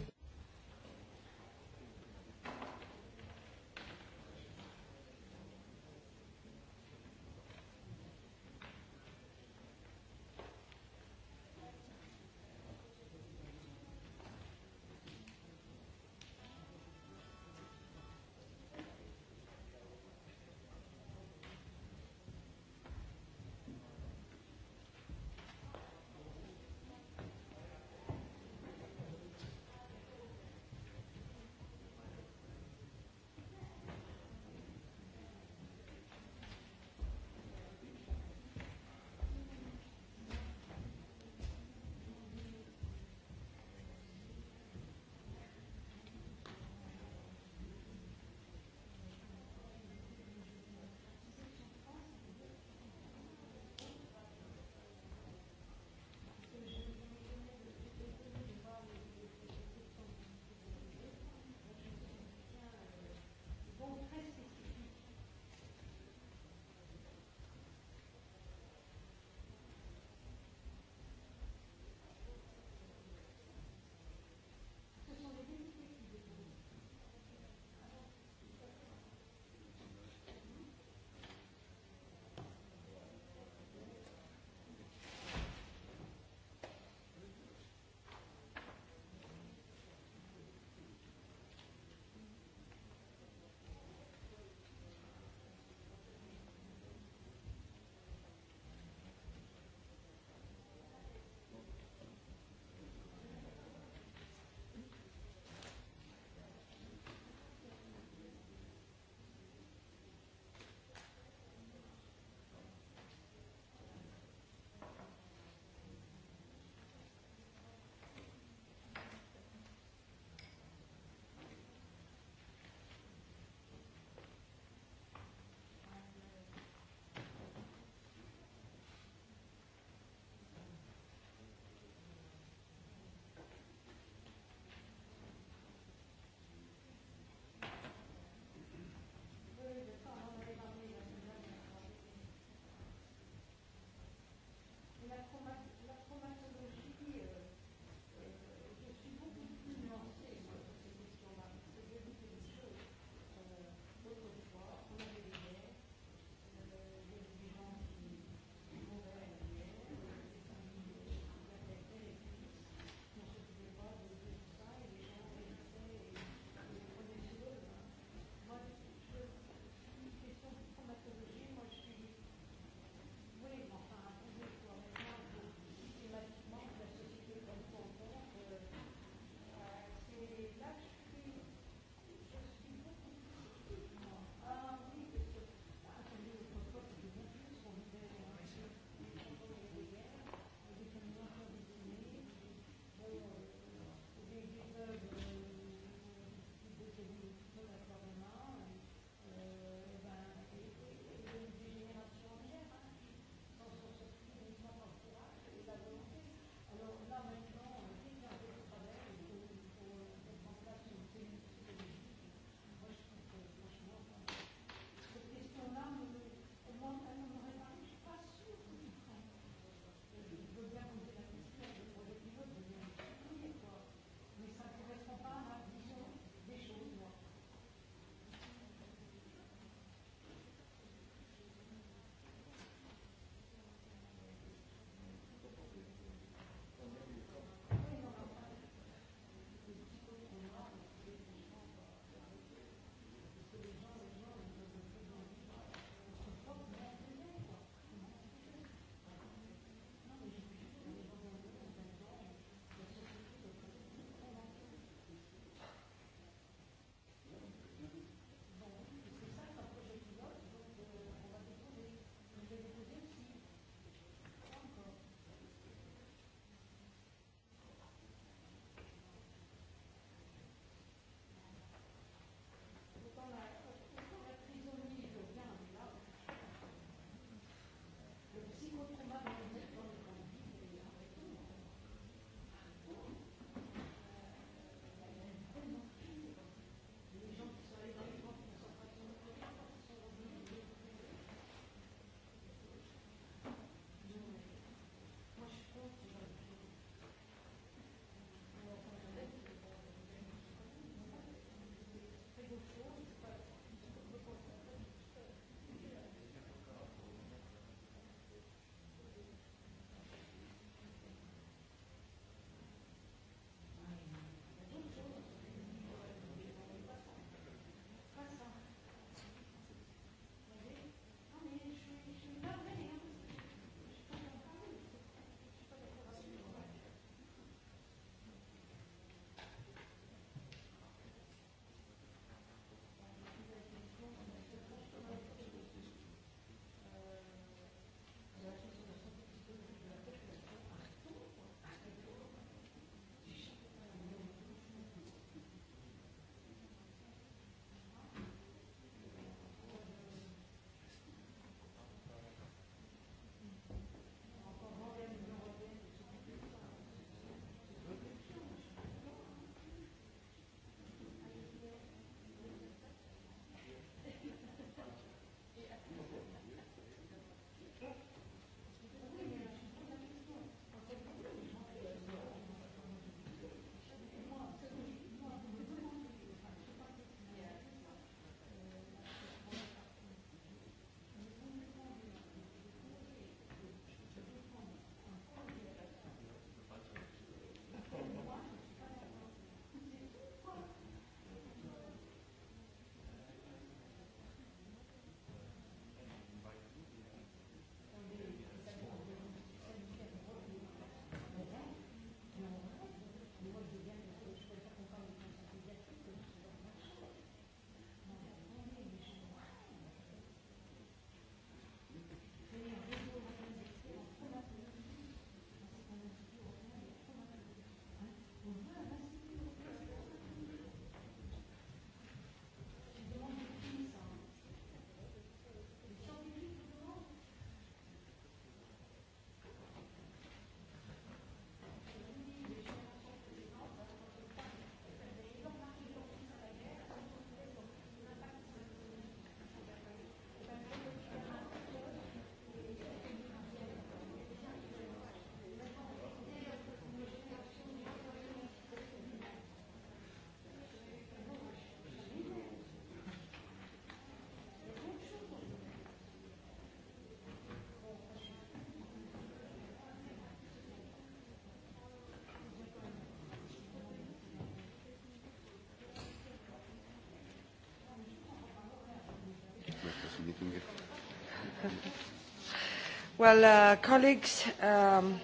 Well, uh, colleagues, um,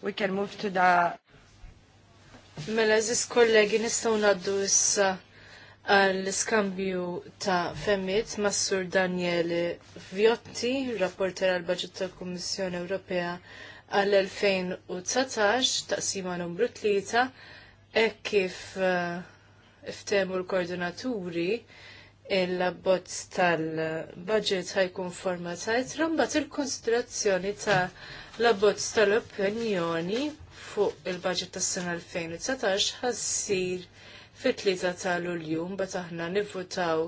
we can move to the... Mela, kollegi, nistaw naddu issa għall-skambju ta' femmit Massur Daniele Viotti, rapporter għal budget tal kummissjoni Ewropea għall-2019, taqsima numru tlieta, e kif uh, iftemu l-koordinaturi il-bozz tal-budget ħajkun forma tajt, rambat il-konsiderazzjoni ta' l-abbozz tal-opinjoni fuq il-budget tas sena 2019 ħassir fit-3 ta' Lulju, bat aħna nivvutaw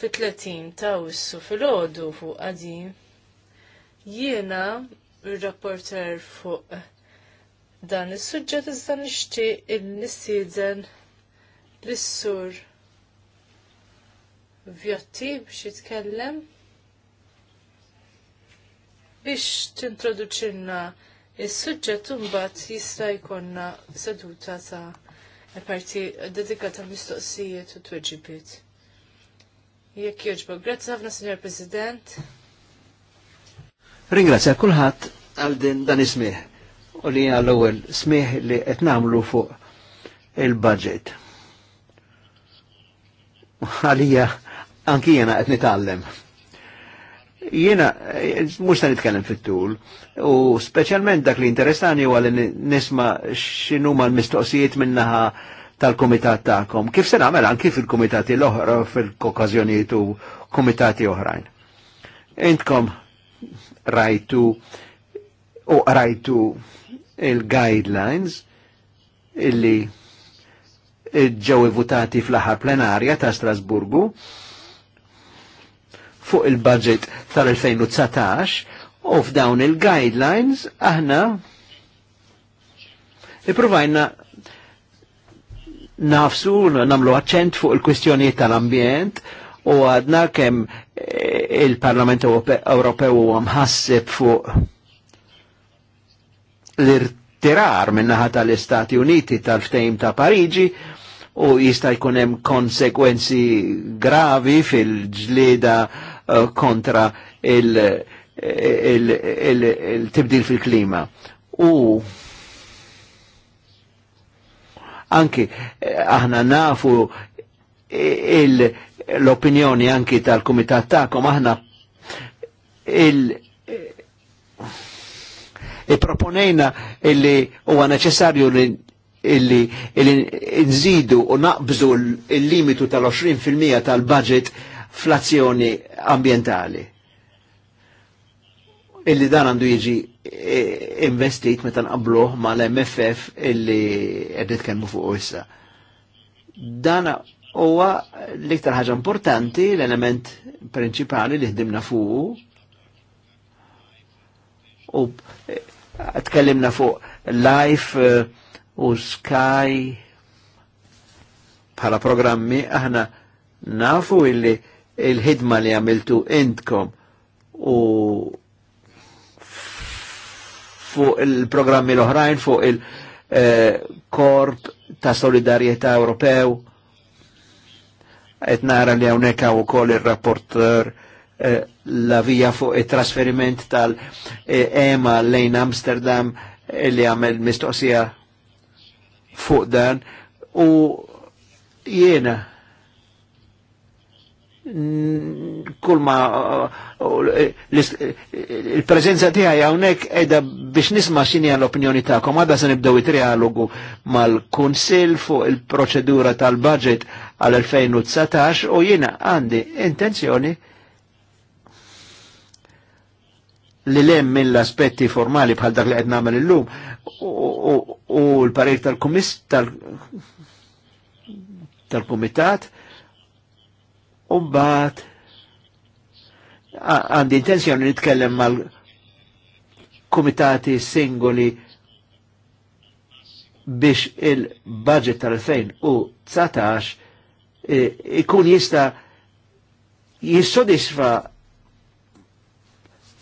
fit-30 ta' Wissu fil-ħodu fuq għadin. Jiena r-rapporter fuq dan is sujġet iżda nixtieq il-nistieden l-sur Vjotti biex jitkellem biex tintroduċinna il-sujġet mbagħad jista' jkollna seduta ta' parti dedikata mistoqsijiet u tweġibiet. Jekk jogħġbok, grazzi ħafna Signor President. Ringrazzja kulħadd għal din dan ismih u li għal ewwel smih li qed nagħmlu fuq il-budget. Għalija anki jena qed nitgħallem. Jena mhux ta' nitkellem fit-tul u speċjalment dak li interessani huwa li nisma' x'inhuma l-mistoqsijiet minnaħa tal-komitat tagħkom. Kif se nagħmel anki fil-komitati l-oħra fil-okkażjonijiet u komitati oħrajn. Intkom rajtu u rajtu il-guidelines illi ġew votati fl-aħħar plenarja ta' Strasburgu fuq il-budget tal-2019 u f'dawn il-guidelines aħna Iprovajna nafsu, namlu aċċent fuq il-kwistjoniet tal-ambjent u għadna kem eh, il-Parlament Ewropew u għamħassib fuq l-irtirar minnaħat tal-Istati Uniti tal-ftejm ta' Pariġi u jista' jkun hemm konsekwenzi gravi fil-ġlieda Eh, kontra il-tibdil fil-klima. U anki eh, aħna nafu l-opinjoni anki tal-komitat ta'kom aħna il- proponejna illi huwa neċessarju illi nżidu u naqbżu l-limitu tal-20% tal-budget fl-azzjoni ambientali. Illi dan għandu jiġi e, investit meta nqabluh mal-MFF illi qed nitkellmu fuq issa. Dan huwa l-iktar ħaġa importanti, l-element prinċipali li ħdimna fuq. U e, tkellimna fuq Life e, u Sky bħala programmi aħna nafu illi il-ħidma li għamiltu intkom u fuq il-programmi l-oħrajn, fuq il-korp eh, ta' solidarieta Ewropew. Et nara li hawnhekk hawn kol il rapporter eh, la vija fuq it-trasferiment tal-EMA eh, e lejn Amsterdam eh, li għamil mistoqsija fuq dan u jiena Mm, kull ma uh, uh, uh, il-prezenza tiegħi hawnhekk qiegħda biex nisma' x'inhi l-opinjoni tagħkom għadha se nibdew trialogu mal-Kunsill fuq il-proċedura tal-budget għal 2019 u jiena għandi intenzjoni li lem mill-aspetti formali bħal dak li qed nagħmel illum u l-parir tal-kumitat tal-kumitat Umbat, għandi intenzjoni nitkellem mal-komitati singoli biex il-budget tal-2019 e, ikun jista jissodisfa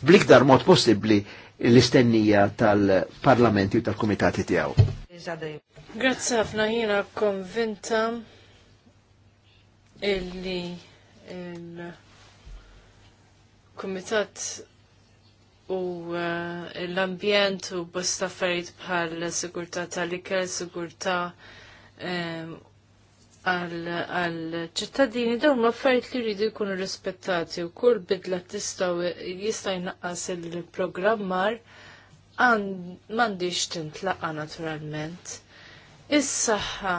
blikdar mod possibli l-istennija tal-parlamenti u tal-komitati tijaw. Grazie ħafna jina konvinta illi il-Kumitat u eh, l-ambjent u bosta ferit bħal sigurtà tal-ikel, sigurtà eh, għal-ċittadini, dawn l-affarijiet li jridu jkunu rispettati u kull bidla tistgħu jista' jnaqqas il-programmar m'għandix tintlaqa naturalment. Is-saħħa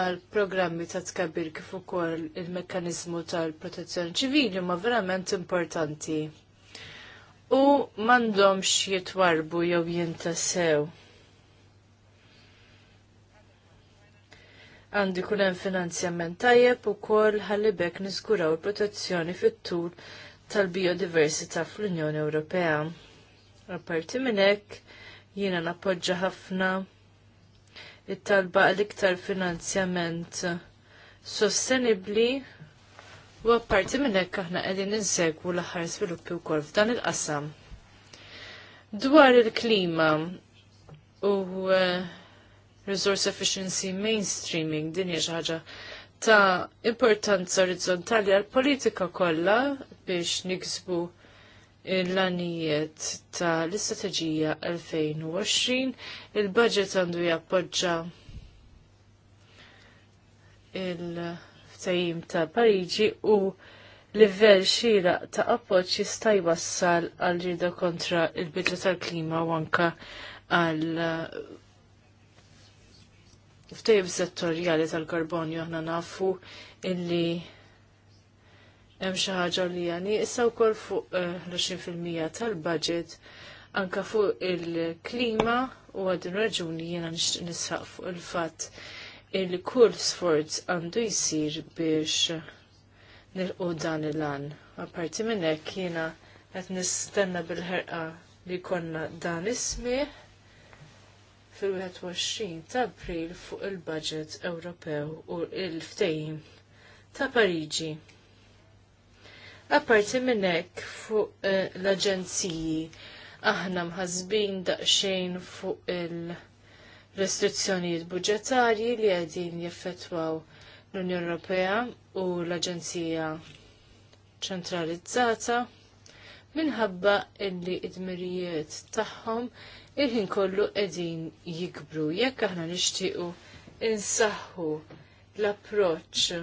għal programmi ta' tkabbir kif ukoll il-mekkaniżmu tal-protezzjoni ċivili huma verament importanti. U m'għandhomx jitwarbu jew jintassew. Għandi kun hemm finanzjament tajjeb ukoll ħalli bekk niżguraw il-protezzjoni fit-tul tal-biodiversità fl-Unjoni Ewropea. Apparti minn hekk jiena nappoġġa ħafna it-talba għal-iktar finanzjament sostenibli u apparti minn hekk aħna qegħdin insegwu l-aħħar u wkoll f'dan il-qasam. Dwar il-klima u eh, resource efficiency mainstreaming din hija xi ħaġa ta' importanza orizzontali għal politika kollha biex niksbu l-anijiet ta' l-istrateġija 2020, il-budget għandu jappoġġa il-ftajim ta' Pariġi u livell xira ta' appoġġ jista' jwassal għal rida kontra il-bidġa tal-klima u anka għal uh, ftajib settorjali tal-karbonju aħna nafu illi hemm xi ħaġa li jani issa wkoll fuq eh, l-20% tal-budget anka fuq il-klima u għadin raġuni jiena nisħaq fuq il-fatt il-kull sforz għandu jisir biex nilqu dan il-an. Apparti minn hekk jiena qed nistenna bil-ħerqa li konna dan ismi fil-21 ta' April fuq il-budget Ewropew u il-ftehim ta' Pariġi. Apparti minn hekk fuq eh, l-aġenziji aħna mħazbin daqsxejn fuq il-restrizzjonijiet budġetarji li għedin jaffetwaw l-Unjoni Ewropea u l-Aġenzija ċentralizzata minħabba illi id-mirijiet tagħhom il-ħin kollu qegħdin jikbru jekk aħna nixtiequ insaħħu l-approċċ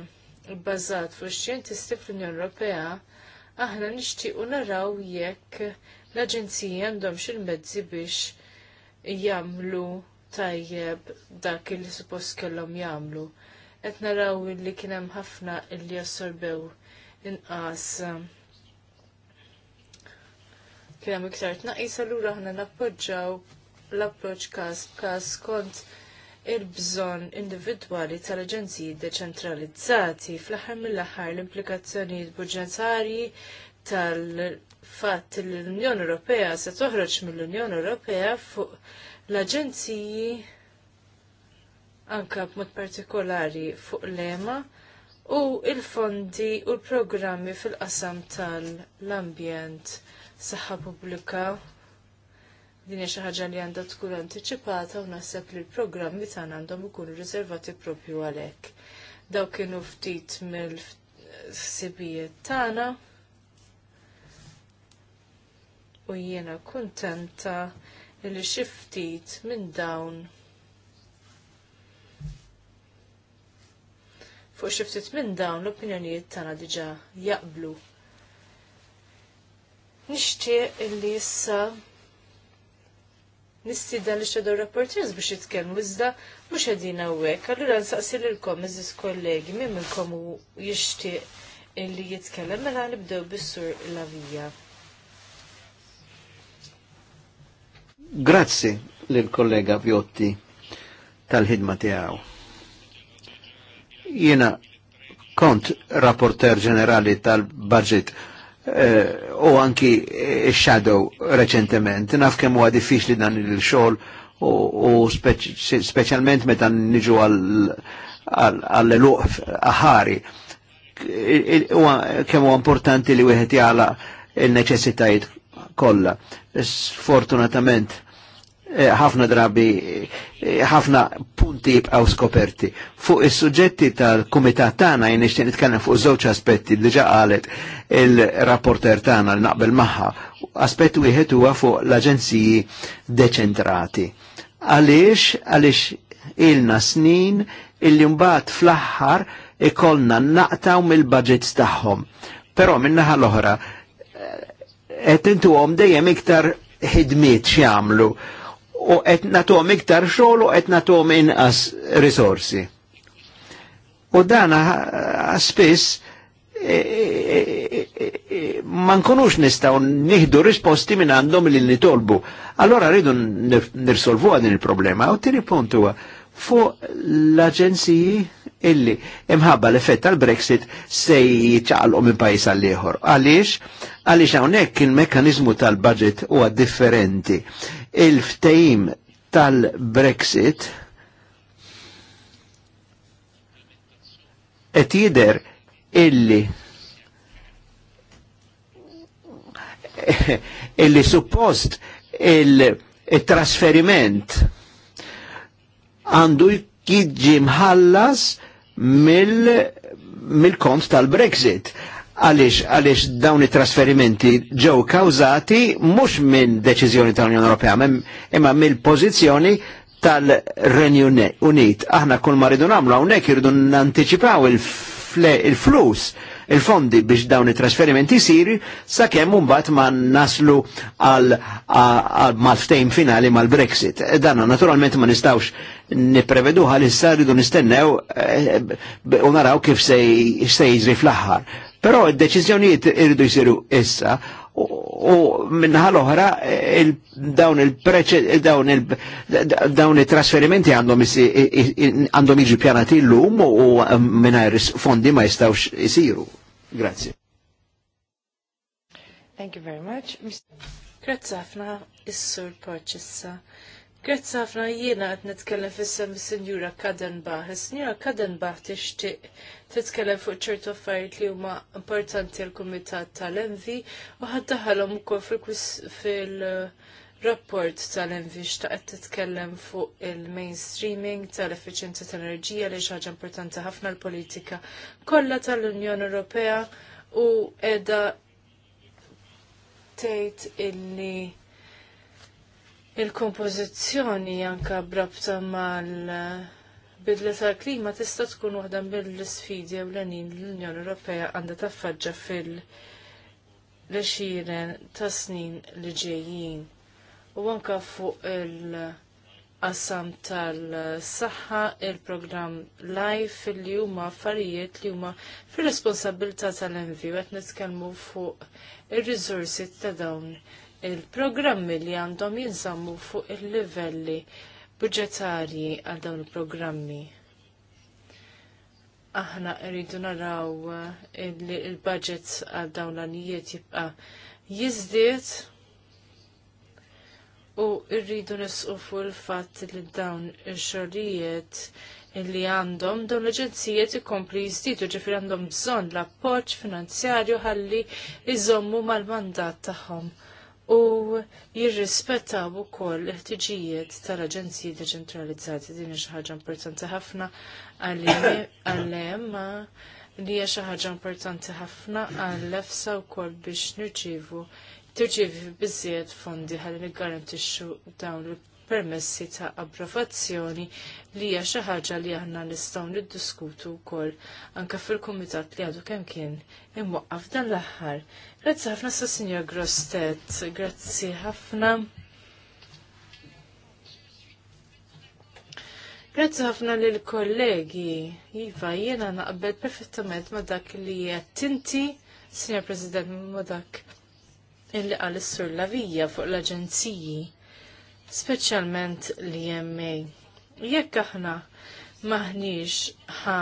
bbażat fuq xjentisti fl-Unjoni Ewropea aħna nixtiequ naraw jekk l-aġenziji għandhom xil mezzi biex jagħmlu tajjeb dak li suppost kellhom jagħmlu. Qed naraw li kien hemm ħafna li jassorbew inqas um, kien hemm iktar tnaqis allura aħna nappoġġaw l-approċċ każ b'każ kont il-bżonn individwali tal-aġenziji deċentralizzati fl-aħħar mill-aħħar l-implikazzjonijiet budġetarji tal-fatt li l-Unjoni Ewropea se toħroġ mill-Unjoni Ewropea fuq l-aġenziji anka b'mod partikolari fuq l-EMA u il-fondi u l-programmi fil-qasam tal-ambjent saħħa pubblika din xi ħaġa li għandha tkun antiċipata u naħseb li l-programmi tagħna għandhom ikunu riservati propju għalhekk. Daw kienu ftit mill-sibijiet tagħna u jiena kuntenta li xi ftit minn dawn fuq xi ftit minn dawn l-opinjonijiet tagħna diġà jaqblu. Nixtieq illi issa nistida li xedaw rapporters biex jitkellmu iżda mhux qegħdin hawnhekk. Allura nsaqsi lilkom iżis kollegi minn minnkom jixtieq illi jitkellem mela nibdew bis-sur Lavija. Grazzi lill kollega Vjotti tal-ħidma tiegħu. Jiena kont rapporter ġenerali tal-budget Eh, u anki eh, shadow reċentement. Naf kemm huwa diffiċli dan il-xogħol u speċjalment meta niġu għall-eluq aħari. Kemm huwa importanti li wieħed jala il-neċessitajiet kollha. Sfortunatament Eh, ħafna drabi, eh, ħafna punti jibqaw skoperti. Fuq is-suġġetti tal-kumitat tagħna jien nixtieq nitkellem fuq żewġ aspetti diġà qalet il-rapporter tagħna li naqbel magħha. Aspett wieħed huwa fuq l-aġenziji deċentrati. Għaliex għaliex ilna snin illi mbagħad fl-aħħar ikollna naqtaw mill-budgets tagħhom. Però minnaħa l-oħra eh, qed intuhom dejjem iktar ħidmiet x'jagħmlu u qed nagħtuhom iktar xogħol u qed nagħtuhom inqas risorsi. U dan spiss e- e- e- ma nkunux nistgħu nieħdu risposti minn għandhom li nitolbu. Allora rridu nirsolvu din il-problema. U tieni punt huwa fuq l-aġenziji illi imħabba l-effett tal-Brexit se jitċaqalqu minn pajjiż għall ieħor Għaliex? Għaliex hawnhekk il-mekkaniżmu tal-budget huwa differenti il-ftejim tal-Brexit et jider illi illi suppost il-trasferiment għandu jiġi mħallas mill-kont mil tal-Brexit għaliex għaliex dawn it-trasferimenti ġew kawzati mhux minn deċiżjoni tal-Unjoni Ewropea, imma mill-pożizzjoni tal-Renju Unit. Aħna kull ma rridu nagħmlu hawnhekk irridu nanticipaw il-flus il-fondi biex dawn it-trasferimenti siri sakemm mbagħad ma naslu għal maltejn ftejn finali mal-Brexit. Danna naturalment ma nistawx niprevedu għal rridu nistennew eh, u naraw kif se jiġri fl-aħħar. Però il-deċizjoniet irridu jisiru issa u minnaħal oħra eh, dawn il-dawn il-dawn il-trasferimenti għandhom iġi pjanati l-lum u um, minnaħir fondi ma jistawx jisiru. Grazie. Thank you very much. Grazie għafna, is-sur Porċessa. Grazie għafna, jiena qed nitkellem fis-sem is-Sinjura Senjura Kadenbaħ t Kadenbach titkellem fuq ċertu affarijiet li huma importanti għal kumitat tal-Envi u ħaddaħalhom ukoll fil-rapport tal-Envi xtaqgħet titkellem fuq il-mainstreaming tal-effiċjenza tal-enerġija li ħaġa importanti ħafna l-politika kollha tal-Unjoni Ewropea u edha tgħid illi il-kompożizzjoni anka brabta mal bidla tal-klima tista' tkun waħda mill-sfidi ewlenin l-Unjoni Ewropea għandha taffaġġa fil-lexiren ta' snin li ġejjin. U anke fuq il-qasam tal-saħħa, il-programm LIFE li huma affarijiet li huma fir-responsabilità tal-envi qed nitkellmu fuq ir-riżorsi ta' dawn il-programmi li għandhom jinżammu fuq il-livelli budġetarji għal dawn il-programmi. Aħna rridu naraw eh, li il-budget għal dawn l-anijiet jibqa jizdiet u rridu nisqufu l fatt li dawn il-xorrijiet li għandhom dawn l-aġenzijiet ikompli jizdidu ġifir għandhom bżonn l-appoġġ finanzjarju ħalli iżommu mal-mandat tagħhom u jirrispettaw ukoll l-ħtiġijiet tal aġenzija Deċentralizzati din xi ħaġa importanti ħafna għal emma li hija xi ħaġa importanti ħafna għall-EFSA wkoll biex nirċievu tirċievi biżjed fondi ħalli niggarantixxu dawn il-permessi ta' approvazzjoni li hija xi ħaġa li aħna nistgħu niddiskutu wkoll anke fil-kumitat li għadu kemm kien imwaqqaf dan l-aħħar. Grazzi ħafna sa' Signor Grostet, grazzi ħafna. Grazzi ħafna lil kollegi Iva, jiena naqbel perfettament ma' dak li jattinti, Signor President, ma' dak illi għal sur lavija fuq l-aġenziji, speċjalment l-EMA. Jekk aħna maħniġ ħa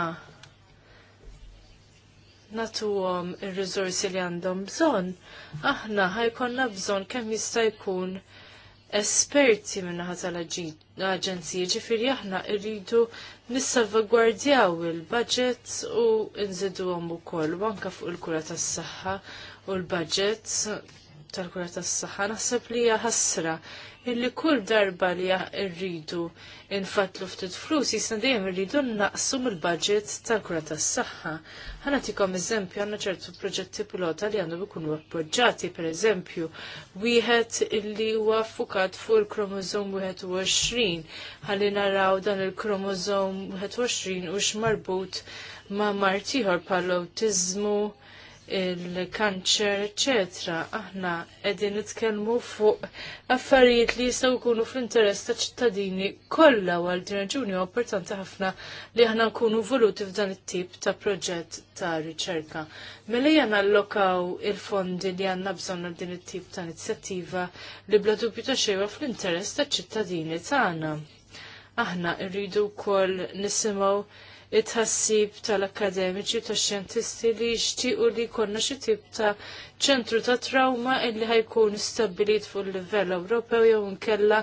natuhom ir rizorsi li għandhom bżonn, aħna ħajkonna bżonn kemm jista' jkun esperti minnaħa tal-aġenzija, ġifiri aħna irridu nissalvagwardjaw il-budget u nżidu għom u koll, banka fuq il-kura tas saħħa u l-budget tal-kura tas saħħa naħseb li hija illi kull darba li rridu infatlu ftit flus jisna dejjem irridu naqsu mill-budget tal-kura tas-saħħa. nagħtikom eżempju għandna ċertu proġetti pilota li għandhom ikunu appoġġati, pereżempju, wieħed illi huwa fukat fuq il-kromozom 21 ħalli naraw dan il-kromozom 21 u marbut ma' martiħor pal-autizmu il-kanċer, etc. Aħna qegħdin nitkellmu fuq affarijiet li jistgħu jkunu fl-interess ta' ċittadini kollha għal din raġuni u importanti ħafna li aħna nkunu voluti f'dan it-tip ta' proġett ta' riċerka. Melejja nallokaw il-fondi li għandna bżonn għal din it-tip ta' inizjattiva li bla dubju ta' xejwa fl-interess ta' ċittadini tagħna. Aħna rridu wkoll nisimgħu it-ħassib tal-akademiċi tax xjentisti li jixtiequ li jkollna xi tip ta' ċentru ta' trawma illi ħajkun stabbilit fuq il-livell Ewropew jew inkella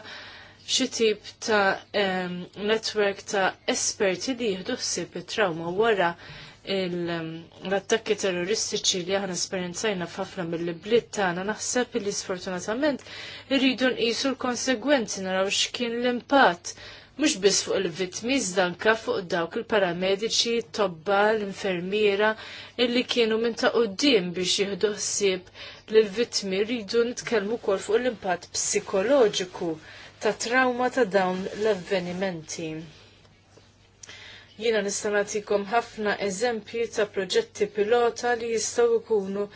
xi tip ta' um, network ta' esperti li jieħdu ħsieb it-trawma wara l-attakki terroristiċi li aħna esperjenzajna f'ħafna mill-bliet tagħna naħseb li sfortunatament irridu nqisu l-konsegwenzi naraw x'kien l-impatt mhux biss fuq il-vittmi iżda fuq dawk il-paramediċi, tobba, l-infermiera illi kienu minn ta' qudiem biex jieħdu ħsieb lill-vittmi rridu nitkellmu wkoll fuq l-impatt psikoloġiku ta' trauma ta' dawn l-avvenimenti. Jiena nista' nagħtikom ħafna eżempji ta' proġetti pilota li jistgħu jkunu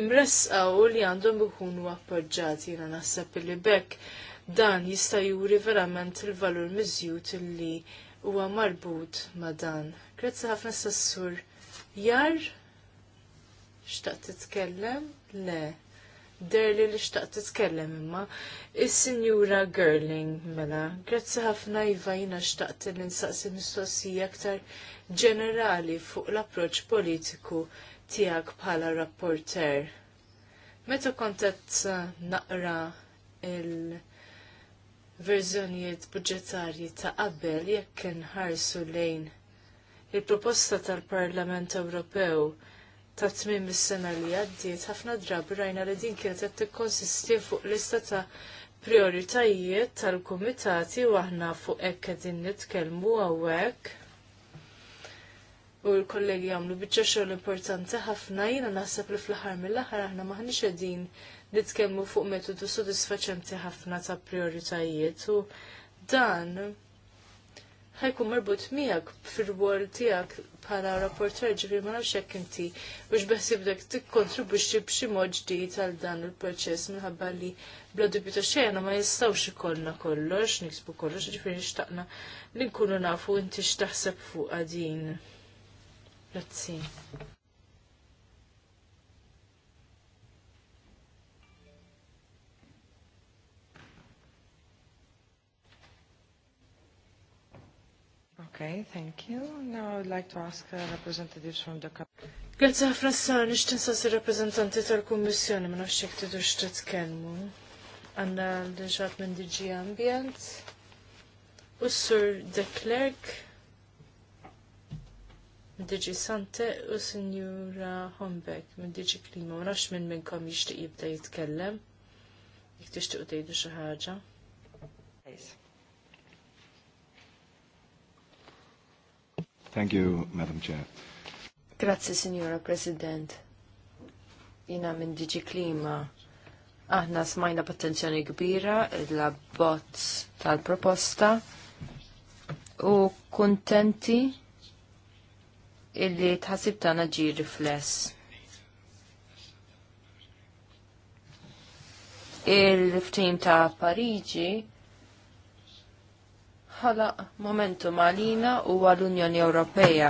imresqa u li għandhom ikunu appoġġati Jina naħseb li bekk dan jista' juri verament il-valur miżjud illi huwa marbut ma' dan. Grazzi ħafna sassur jar xtaqt titkellem? Le. Derli li xtaqt titkellem imma. Is-Sinjura Girling mela. Grazzi ħafna iva jina xtaqt li insaqsi mistoqsija aktar ġenerali fuq l-approċ politiku tiegħek bħala rapporter. Meta kontet naqra il- verżjonijiet budġetarji ta' qabel jekk inħarsu lejn il-proposta tal-Parlament Ewropew ta' tmiem is-sena li għaddiet ħafna drabi rajna li din kienet qed tikkonsisti fuq lista ta' prioritajiet tal-kumitati u aħna fuq hekk qegħdin nitkellmu hawnhekk. U l-kollegi għamlu bieċa xogħol importanti ħafna jiena naħseb li fl-aħħar mill-aħħar aħna maħniex qegħdin tkemmu fuq metodu sodisfaċenti ħafna ta' prioritajiet u dan ħajkun marbut miegħek fir-rwol tiegħek bħala rapporter ġifieri ma nafx hekk inti biex dak tikkontribwixxi b'xi mod ġdid għal dan il-proċess minħabba li bla dubju ta' xejn ma jistgħux ikollna kollox, niksbu kollox, ġifieri xtaqna li nkunu nafu inti x'taħseb fuq din. Grazzi. Okay, thank you. Now I would like to ask uh, representatives from the Grazie ħafna s-sar, nishtin sas il-reprezentanti tal-Kommissjoni, ma nafx jek tidux titkellmu. Għanna l-ġat minn DG Ambient, u s-sur de Klerk, DG Sante, u s-signura Hombeck minn DG Klima, ma nafx minn minnkom jishtiq jibda jitkellem, jek tishtiq u tejdu xaħġa. Please. Thank you, Madam Chair. Grazzi, Signora President. Jina minn Digi Klima. Aħna smajna b'attenzjoni kbira la bots tal-proposta u kontenti illi tħassib tagħna ġi rifless. Il-ftim ta' Parigi bħala momentum malina u għal unjoni Ewropea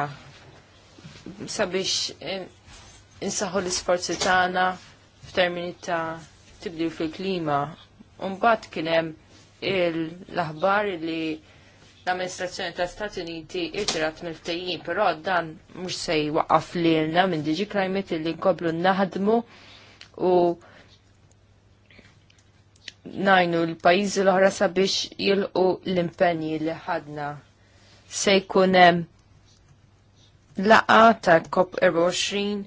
sabiex eh, insaħu l-isforzi tagħna f'termini ta' tibdil fil-klima. Umbat kien hemm l-aħbar li l-amministrazzjoni ta' Stati Uniti irtirat mill-ftejjin, però dan mhux se jwaqaf lilna minn Digi Climate li nkomplu naħdmu u najnu l-pajizi l-oħra sabiex jilqu l-impenji li ħadna. Se jkunem laqa ta' COP24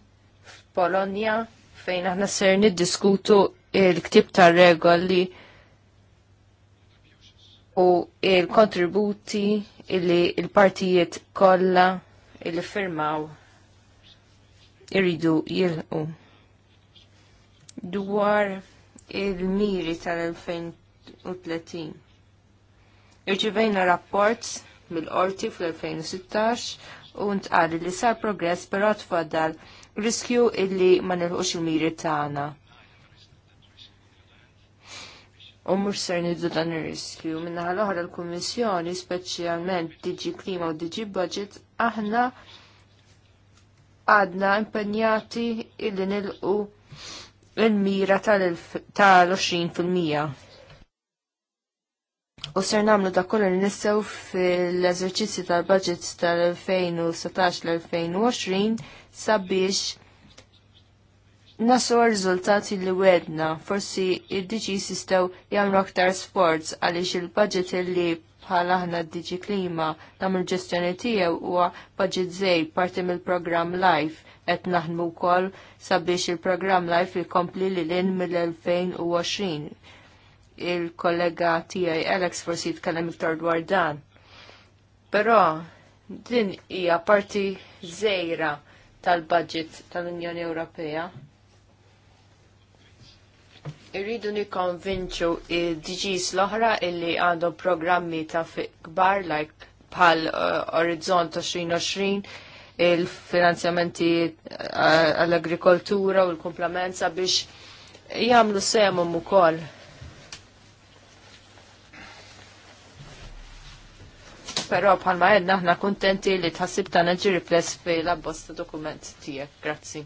f'Polonja fejn aħna ser niddiskutu il-ktib ta' regoli u il-kontributi illi il-partijiet kolla illi firmaw irridu jilqu. Dwar il-miri tal-2030. Irċivejna rapport mill-qorti fl-2016 u ntqal li sar progress però tfadal riskju illi ma nilħux il-miri tagħna. U mhux ser nidu dan ir-riskju. minna l-oħra l-Kummissjoni, speċjalment Diġi Klima u Diġi Budget, aħna għadna impenjati illi nilqu il-mira tal-20%. U ser namlu da kollu li nissew fil-eżerċizzju tal-budget tal-2017 l-2020 sabiex nasu r-riżultati li wedna. Forsi id diġi sistew jamlu aktar sforz għaliex il-budget li bħal aħna d diġi Klima namlu ġestjoni tiegħu huwa budget zej parti mill-programm Life qed naħdmu wkoll sabiex il-programm Life jkompli lil in mill-2020. Il-kollega tijaj Alex forsi jitkellem iktar dwar dan. Però din hija parti zejra tal-budget tal-Unjoni Ewropea. Irridu nikkonvinċu il dgs l-oħra illi għandhom programmi ta' kbar like bħal uh, Orizzont 2020 il-finanzjamenti eh, għall-agrikoltura u l-komplement sabiex jagħmlu semhom ukoll. Però bħalma għedna aħna kuntenti li tħassib tagħna ġiri pless fil-abbosta dokument tiegħek. Grazzi.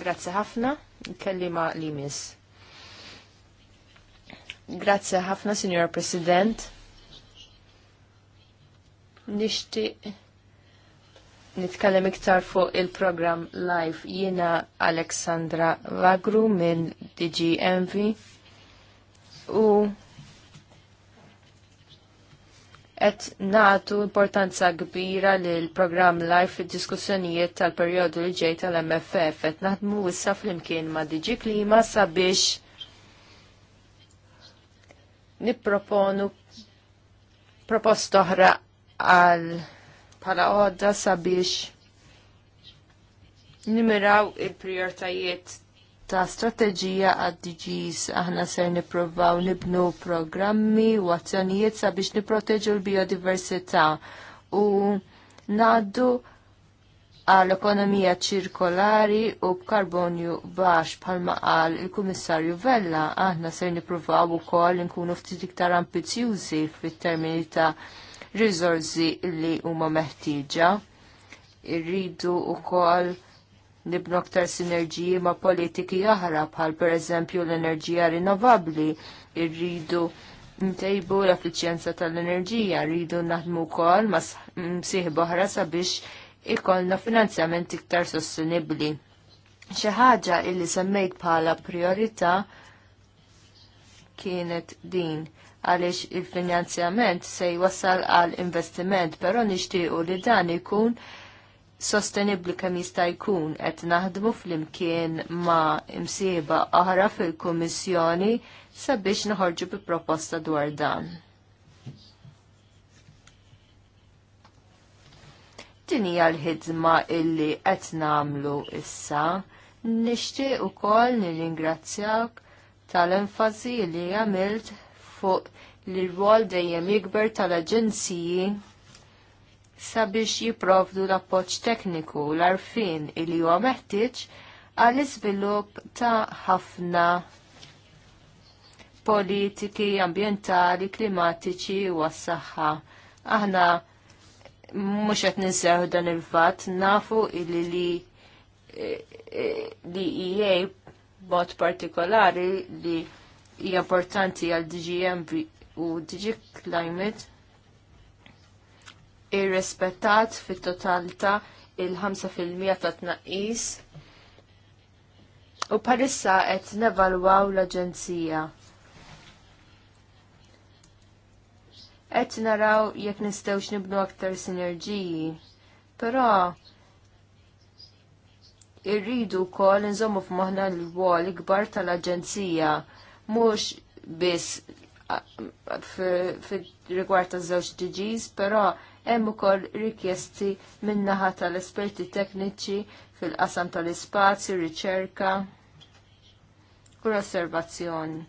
Grazzi ħafna, Kelli li limis. Grazzi ħafna, Signora President. Nixtieq nitkellem iktar fuq il-program live jiena Aleksandra Vagru minn DGMV u et natu importanza kbira li l-program live fid diskussjonijiet tal-periodu li ġej tal-MFF et naħdmu issa fl-imkien ma' DG Klima sabiex nipproponu propost oħra għal bħala għodda sabiex nimiraw il-prioritajiet ta' strateġija għad-DGs aħna ser niprovaw nibnu programmi u azzjonijiet sabiex niproteġu l-biodiversità u naddu għal ekonomija ċirkolari u b'karbonju baxx bħalma qal il-Kummissarju Vella aħna ser nippruvaw ukoll nkunu ftit iktar ambizjużi fit-termini ta' rizorzi li huma meħtieġa. Irridu wkoll nibnu aktar sinerġiji ma' politiki oħra bħal pereżempju l-enerġija rinnovabbli, irridu ntejbu l-effiċjenza tal-enerġija, rridu naħdmu wkoll ma' msieħb oħra sabiex ikollna finanzjament iktar sostenibbli. Xi ħaġa illi semmejt bħala priorità kienet din għaliex il-finanzjament se jwassal għal investiment, però nixtiequ li dan ikun sostenibli kemm jista' jkun qed naħdmu flimkien ma' imsieba oħra fil-Kummissjoni sabiex noħorġu bi proposta dwar dan. Din hija l-ħidma illi qed nagħmlu issa. Nixtieq ukoll nirringrazzjak tal-enfasi li għamilt fuq li l wol dejjem jikber tal-aġenziji sabiex jiprovdu l-appoġġ tekniku l-arfin li huwa meħtieġ għall iżvilupp ta' ħafna politiki ambjentali, klimatiċi u għas-saħħa. Aħna mhux qed ninsew dan il-fatt nafu illi li eh, eh, li EA mod partikolari li hija importanti għal DGM u DG Climate irrespettat fit-totalità il-5% ta' tnaqqis u parissa qed nevalwaw l-Aġenzija. Qed naraw jekk nistgħux nibnu aktar sinerġiji, però irridu wkoll nżommu f'moħħna l-wol ikbar tal-Aġenzija mhux biss f rigward ta' żewġ DGs, però hemm ukoll rikjesti min-naħa tal-esperti tekniċi fil-qasam tal-ispazju, riċerka u l-osservazzjoni.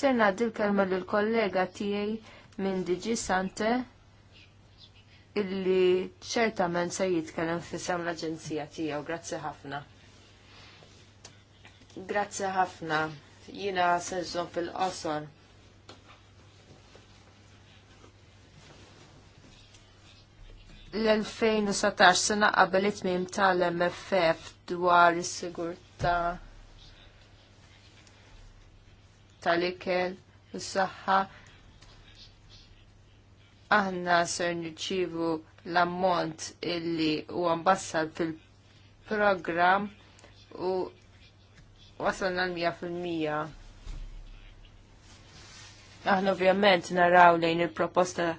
Serna għaddi kelma l-kollega tijaj minn Digi Sante illi ċertament se jitkellem fisem l-Aġenzija tiegħu. Grazzi ħafna. Grazzi ħafna. Jina senżon fil-qosor. L-2017 sena qabel it-tmim tal-MFF dwar is-sigurtà tal-ikel, is-saħħa, aħna ser nirċivu l-ammont illi u għambassal fil-program u wasalna l-100%. Aħna ovvjament naraw lejn il-proposta,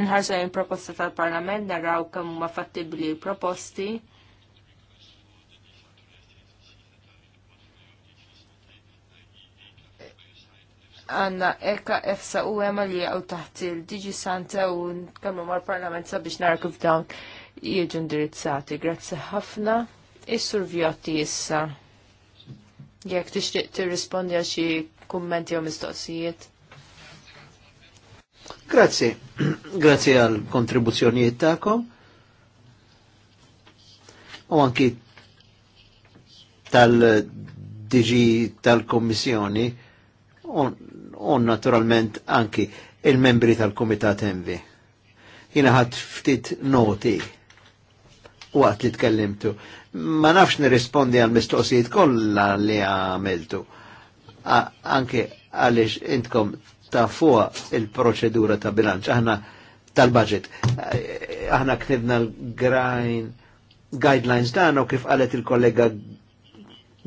nħarsu lejn il-proposta tal-parlament, naraw kemm huma fattibbli l il proposti għanna ekka efsa u għema li għaw taħt il-Digi Santa u nkamlu mar parlament sabiex nara kif dawn jieġu ndirizzati. Grazzi ħafna. Is-sur Vjotti issa. Jek tixtieq tirrispondi għal xi kummenti jew mistoqsijiet. Grazzi. Grazzi għal kontribuzzjonijiet tagħkom. U anki tal-DG tal-Kommissjoni u naturalment anki il-membri tal-Kumitat Envi. Jina ħadd ftit noti waqt li tkellimtu. Ma nafx nirrispondi għal mistoqsijiet kollha li għamiltu. Anke għaliex intkom ta' fuq il-proċedura ta' bilanċ. Aħna tal-budget. Aħna knibna l-grajn guidelines dan u kif qalet il-kollega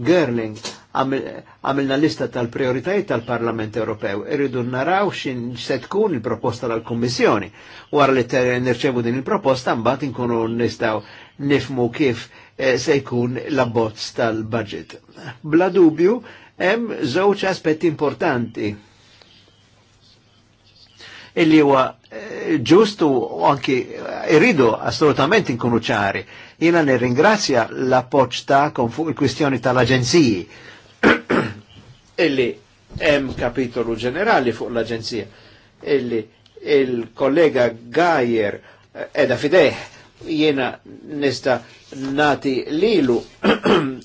Gerling għamilna lista tal-prioritajiet tal-Parlament Ewropew. Irridu naraw xin setkun il-proposta tal-Kommissjoni. War li nirċevu din il-proposta, mbagħad inkunu nistgħu nifmu kif eh, se jkun l-abbozz tal-budget. Bla dubju, hemm żewġ aspetti importanti illi huwa eh, ġustu u anki eh, irridu assolutament inkunu ċari. Jiena nirringrazzja l appoċ ta' fuq il-kwistjoni tal-aġenziji illi hemm kapitolu ġenerali fuq l-Aġenzija illi il-kollega Gajer eh, edha fideħ jiena nista nati lilu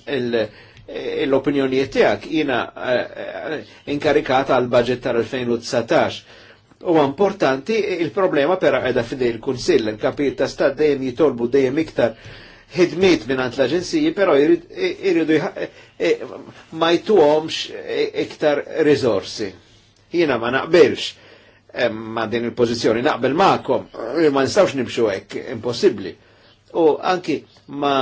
l opinjoni tiegħek jiena eh, inkarikata għal budget tal-2019. U importanti il-problema pera edha fideħ il-Kunsill, il-kapit ta' stat dejjem jitolbu dejjem iktar ħidmiet minn għand l-aġenziji, però jiridu ma jtuhomx iktar rizorsi. Jiena ma naqbilx eh, ma din il-pożizzjoni, naqbel maqom, eh, ma nistawx nimxu hekk, impossibbli. U anki ma,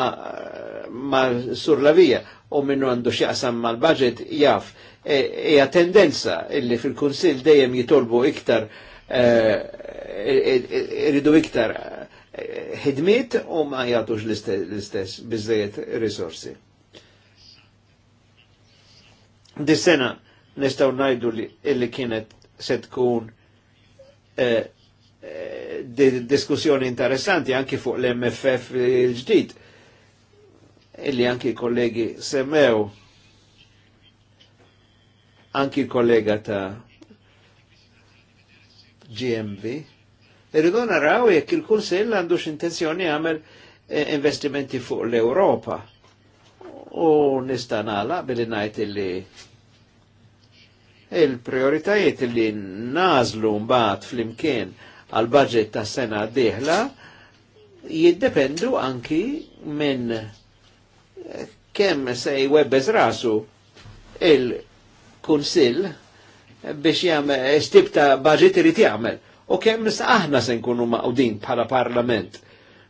ma sur la via u minnu għandu xieqsam mal budget jaf eh, hija tendenza illi fil-Kunsil dejjem jitolbu iktar iridu iktar Hidmit u ma jgħatux l-istess biżejjed risorsi. Dis-sena nistaw ngħidu li kienet se tkun eh, eh, diskussjoni interessanti anki fuq l-MFF il-ġdid illi anki kollegi semmew anki kollega ta' GMV Irridu naraw jekk il-Kunsill għandu x'intenzjoni għamel eh, investimenti fuq l-Europa. U nista' nagħlaq billi ngħid illi il-prioritajiet li nażlu mbagħad flimkien għal budget ta' sena diħla jiddependu anki minn kemm se jwebbeż rasu il-Kunsill biex jagħmel stib ta' budget irid jagħmel u kemm aħna se nkunu maqdin bħala parlament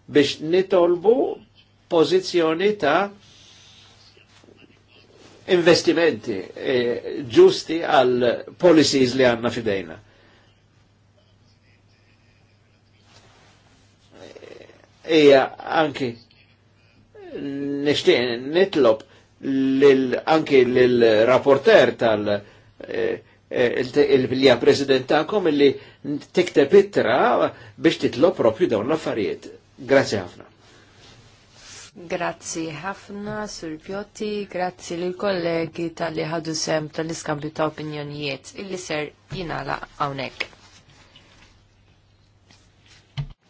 biex nitolbu pożizzjoni ta' investimenti e, ġusti e, għal policies li għanna fidejna. Ija e, anki nishtiq nitlob lil, anki l-rapporter tal- eh, Eh, il-bilja president ta'kom illi tikteb ittra biex titlob propju dawn l-affarijiet. Grazie ħafna. Grazzi ħafna, Sur Pjotti, grazie lil kollegi tal-li ħadu sem tal-iskambju ta' opinjonijiet illi ser jinala hawnhekk.